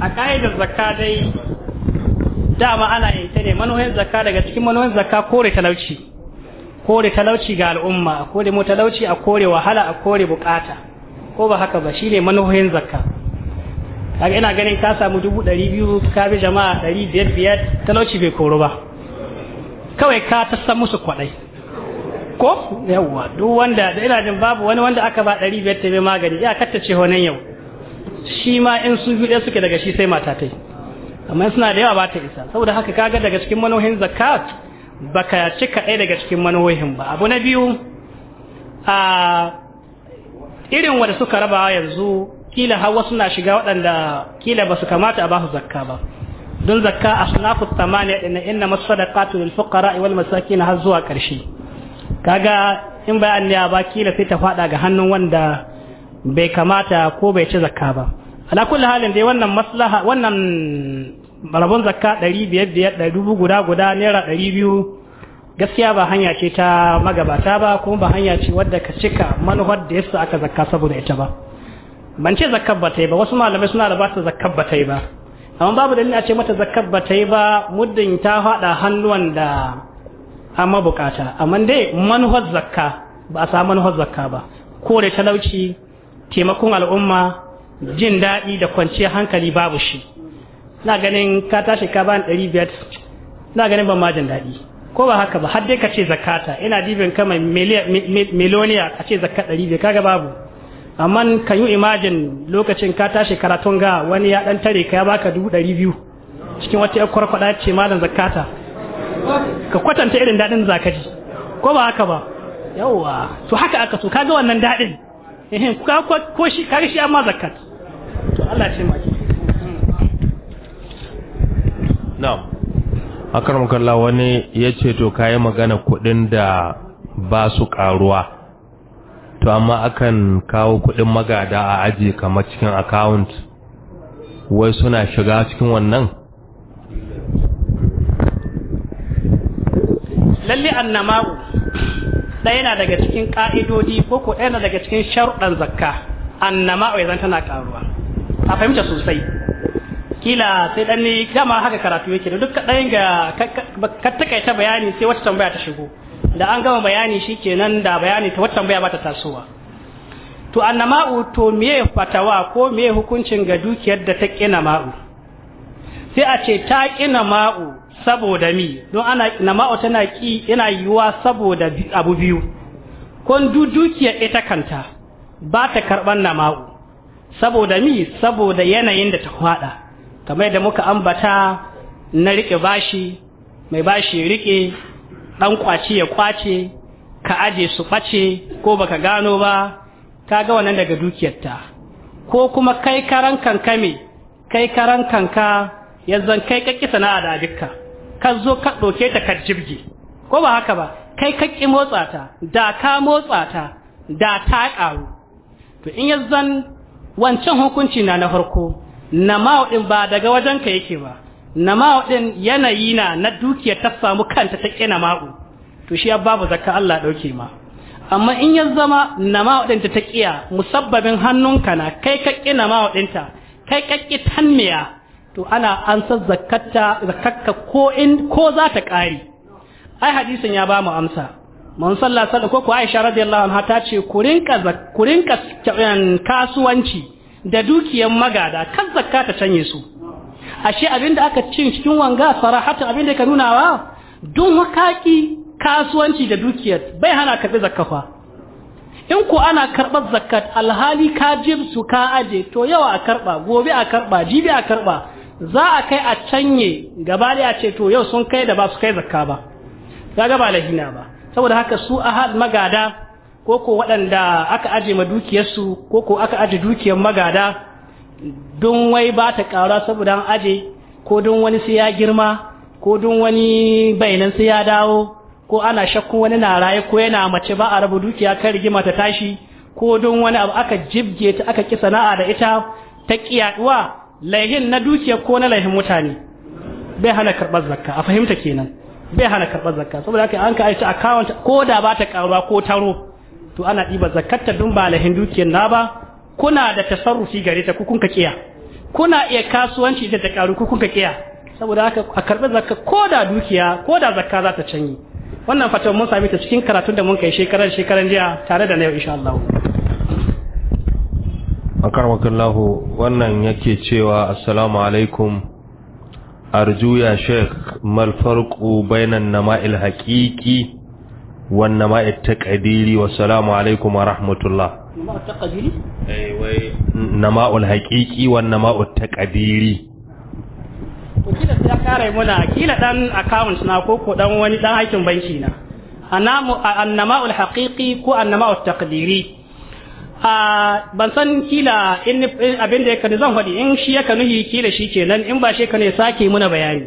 a ƙa'idar zakka dai dama ana yin ta ne manohin zakka daga cikin manohin zakka kore talauci kore talauci ga al'umma a kore mu talauci a kore wahala a kore bukata ko ba haka ba shine manohin zakka kaga ina ganin ka samu dubu ɗari biyu ka bi jama'a ɗari biyar biyar talauci bai koro ba kawai ka ta san musu kwaɗai ko yawwa duk wanda da ina jin babu wani wanda aka ba ɗari biyar ta bi magani ya kattace honan yau shi ma in su biyu suke daga shi sai matatai amma suna da yawa ba ta isa saboda haka kaga daga cikin manohin zakat baka cika ɗaya daga cikin manohin ba abu na biyu a irin wanda suka raba yanzu kila hawa suna shiga waɗanda kila ba su kamata a ba su zakka ba don zakka a sunafu tsamani ɗina ina masu sadaqatu lil iwal masaki na har zuwa ƙarshe kaga in bayan ne ba kila sai ta faɗa ga hannun wanda bai kamata ko bai ci zakka ba ala kulli halin dai wannan maslaha wannan rabon zakka ɗari biyar biyar ɗari dubu guda guda naira ɗari biyu gaskiya ba hanya ce ta magabata ba kuma ba hanya ce wadda ka cika manufar da yasa aka zakka saboda ita ba ban ce zakkar ba ta yi ba wasu malamai suna da ba ta zakkar ba ta yi ba amma babu dalili a ce mata zakkar ba ta yi ba muddin ta haɗa hannuwan da an mabukata amma dai manufar zakka ba a samu manufar zakka ba kore talauci taimakon al'umma jin daɗi da kwanciyar hankali babu shi na ganin ka tashi ka bani ɗari biyar na ganin ban majin daɗi ko ba haka ba har dai ka ce zakata ina dibin kama miliyoniya a ce zakka ɗari biyar kaga babu amma ka yi imajin lokacin ka tashi karatun ga wani ya ɗan tare ka ya baka dubu ɗari biyu cikin wata yar kwarkwada ce malam zakata ka kwatanta irin daɗin zakaji ko ba haka ba yawwa to haka aka so kaga wannan daɗin ehin ko shi kaga shi amma to Allah ce maki na'am akram kalla wani yace to magana kudin da ba su karuwa to amma akan kawo kudin magada a aji kamar cikin account wai suna shiga cikin wannan lalle annama'u ɗaya na daga cikin ƙa'idodi ko ko ɗaya na daga cikin sharuɗan zakka annama'u idan tana ƙaruwa a fahimta sosai kila sai dan ne dama haka karatu yake da duk ɗayan ga ka takaita bayani sai wata tambaya ta shigo da an gama bayani shikenan da bayani ta wata tambaya ba ta tasowa to annama'u to meye fatawa ko meye hukuncin ga dukiyar da ta kina ma'u sai a ce ta kina ma'u saboda mi don ana ma'u tana ki yana yiwa saboda abu biyu kon dukiyar ita kanta ba ta karban nama'u saboda mi saboda yanayin da ta faɗa kamar da muka ambata na rike bashi mai bashi rike ɗan kwaci ya kwace ka aje su ɓace ko baka gano ba ka ga wannan daga dukiyarta ko kuma kai karan kanka me kai karan kanka yanzan kai kakki sana'a da dukka ka zo ka ɗauke ta ka jibge ko ba haka ba kai kakki motsa ta da ka motsa ta da ta ƙaru to in yanzan wancan hukunci na na farko na ma'udin ba daga wajen ka yake ba na ma'udin yanayi na na dukiya ta samu kanta ta kina ma'u to shi ya babu zakka Allah dauke ma amma in ya zama na ma'udin ta ƙiya musabbabin hannunka na kai ka kina ma'udin ta kai ka tanmiya to ana an san ko in ko za ta kare ai hadisin ya bamu amsa man sallah sallah ko Aisha radiyallahu anha ta ce ku rinka ku rinka eh, kasuwanci da dukiyar magada kan zakka ta canye su ashe abinda aka cin cikin wanga abin abinda ka nuna nunawa duk wakaki kasuwanci da dukiyar bai hana karɓi zakkafa in ku ana karɓar zakkat alhali ka su ka aje to yawa a karɓa gobe a karɓa jibi a karɓa za a kai a canye gaba da ce to yau sun kai da ba su kai zakka ba ga ba lahina ba saboda haka su ahad magada ko ko waɗanda aka aje ma dukiyarsu ko ko aka aje dukiyar magada don wai ba ta ƙara saboda an aje ko don wani sai ya girma ko don wani bayanan sai ya dawo ko ana shakku wani na raye ko yana mace ba a raba dukiya kan rigima ta tashi ko don wani abu aka jibge ta aka ki sana'a da ita ta kiyaduwa laihin na dukiya ko na laihin mutane bai hana karɓar zakka a fahimta kenan bai hana karɓar zakka saboda haka an ka aiki account ko da ba ta karuwa ko taro to ana ɗiba zakkarta dun ba hindu dukiyar na ba kuna da tasarrufi gare ta kukun ka kiya kuna iya kasuwanci da ta karu kukun ka kiya saboda haka a karɓar zakka ko da dukiya ko da zakka za ta canyi wannan fatan mun sami ta cikin karatun da mun kai shekaran shekaran jiya tare da na yau insha Allah akarwakallahu wannan yake cewa assalamu alaikum أرجو يا شيخ ما الفرق بين النماء الحقيقي والنماء التقديري والسلام عليكم ورحمة الله النماء التقديري أيوة النماء الحقيقي والنماء التقديري kila sai ya kare muna kila dan account na ko ko dan wani dan aikin banki na annama annama al haqiqi ko annama al taqdiri a ban san kila in abin da yake zan faɗi in shi yake nuhi kila shi kenan in ba shi ka ne sake muna bayani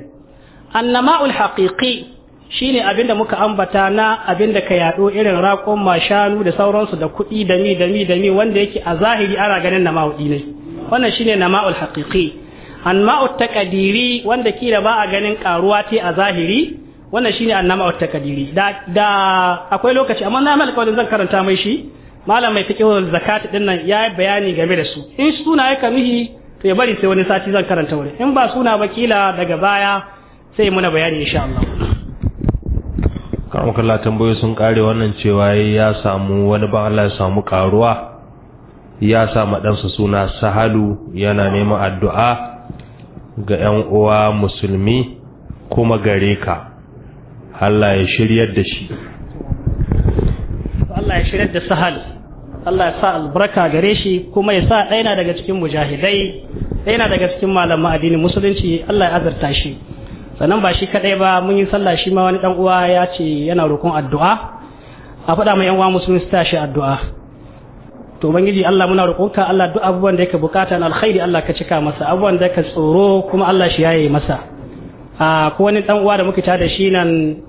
haƙiƙi haqiqi shine abin da muka ambata na abin da ka yaɗo irin raƙon mashanu da sauransu da kuɗi da mi da mi da mi wanda yake a zahiri ana ganin nama'u ne wannan shine nama'ul haqiqi ma'ul takadiri wanda kila ba a ganin karuwa ce a zahiri wannan shine annama'ut taqdiri da da akwai lokaci amma na mai kawai zan karanta mai shi malam mai fiqhul zakat din nan yayi bayani game da su in suna ya mihi to ya bari sai wani sati zan karanta wuri in ba suna ba kila daga baya sai muna bayani insha Allah karmu kalla tambayoyi sun kare wannan cewa ya samu wani ban Allah ya samu karuwa ya sa ɗansa suna Sahalu yana neman addu'a ga 'yan uwa musulmi kuma gare ka Allah ya shiryar da shi Allah ya shirar da sahal Allah ya sa albarka gare shi kuma ya sa ɗaya daga cikin mujahidai ɗaya daga cikin malaman addinin musulunci Allah ya azarta shi sannan ba shi kaɗai ba mun yi sallah shi ma wani ɗan uwa ya ce yana roƙon addu'a a faɗa mai yan uwa musulmi su tashi addu'a to ubangiji Allah muna roƙonka Allah duk abubuwan da yake bukata na alkhairi Allah ka cika masa abubuwan da ka tsoro kuma Allah shi yaye masa a ko wani dan uwa da muke tada shi nan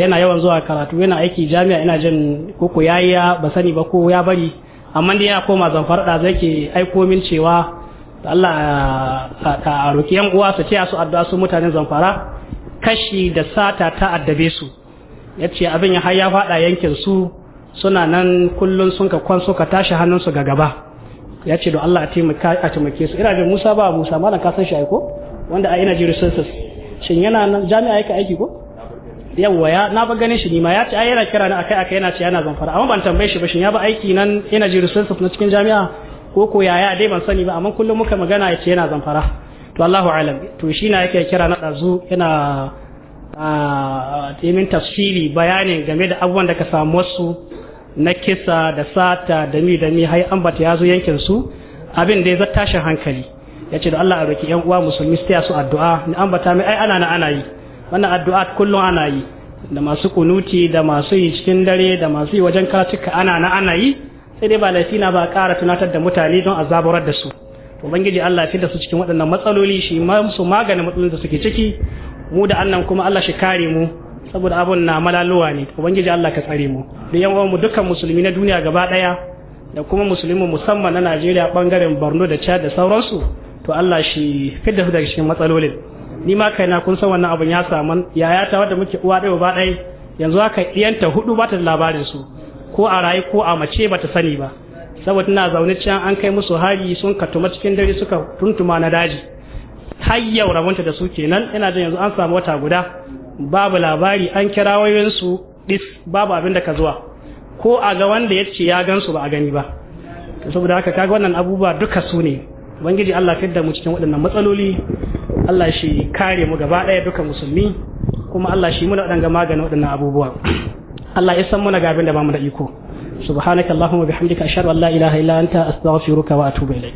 yana yawan zuwa karatu yana aiki jami'a ina jin koko ya ya ba sani ba ko ya bari amma dai ya koma zamfar da zai ke aiko min cewa Allah a roki yan uwa su ce su addu'a su mutanen zamfara kashi da sata ta addabe su yace abin ya har ya fada yankin su suna nan kullun sun ka kwan suka tashi hannun su ga gaba yace don Allah a taimaka a taimake su ina jin Musa ba Musa malam ka san shi aiko wanda a ina jirisin shin yana nan jami'a yake aiki ko yawwa ya na ba ganin shi nima ya ce ai yana kira ni akai akai yana ce yana zamfara amma ban tambaye shi ba shin ya ba aiki nan yana ji resources na cikin jami'a ko ko yaya dai ban sani ba amma kullum muka magana ya ce yana zamfara to Allahu alam to shi na yake kira na dazu yana a timin tafsiri bayani game da abubuwan da ka samu wasu na kisa da sata da mi da mi har ambata ya zo yankin su abin da ya zata hankali ya ce da Allah a roki yan uwa musulmi su addu'a ni bata mai ai ana na ana yi Mana addu'a kullum ana yi da masu kunuti da masu yi cikin dare da masu yi wajen karatuka ana na ana yi sai dai ba laifi na ba ƙara tunatar da mutane don azaburar da su ubangiji Allah ya fidda su cikin waɗannan matsaloli shi ma su maganin matsalolin da suke ciki mu da annan kuma Allah shi kare mu saboda abun na malaluwa ne ubangiji Allah ka tsare mu da yan mu dukkan musulmi na duniya gaba ɗaya da kuma musulmi musamman na Najeriya bangaren Borno da Chad da sauransu to Allah shi fidda su daga cikin matsalolin ni ma kaina kun san wannan abun ya samu yayata wadda muke uwa ɗaya ba ɗaya yanzu haka iyanta hudu bata labarin su ko a rayu ko a mace ba ta sani ba saboda ina zaune can an kai musu hari sun ka tuma cikin dare suka tuntuma na daji har yau rabonta da su kenan ina jin yanzu an samu wata guda babu labari an kira wayoyin su dis babu abin da ka zuwa ko a ga wanda ya ce ya gansu ba a gani ba saboda haka kaga wannan abubuwa duka su ne ubangiji Allah fidda mu cikin waɗannan matsaloli Allah shi kare mu gaba ɗaya duka musulmi kuma Allah shi muna waɗanga maganin waɗannan abubuwa Allah ya san muna gabin da ba mu da iko subhanakallahumma bihamdika ashhadu an la ilaha illa anta astaghfiruka wa atubu ilaik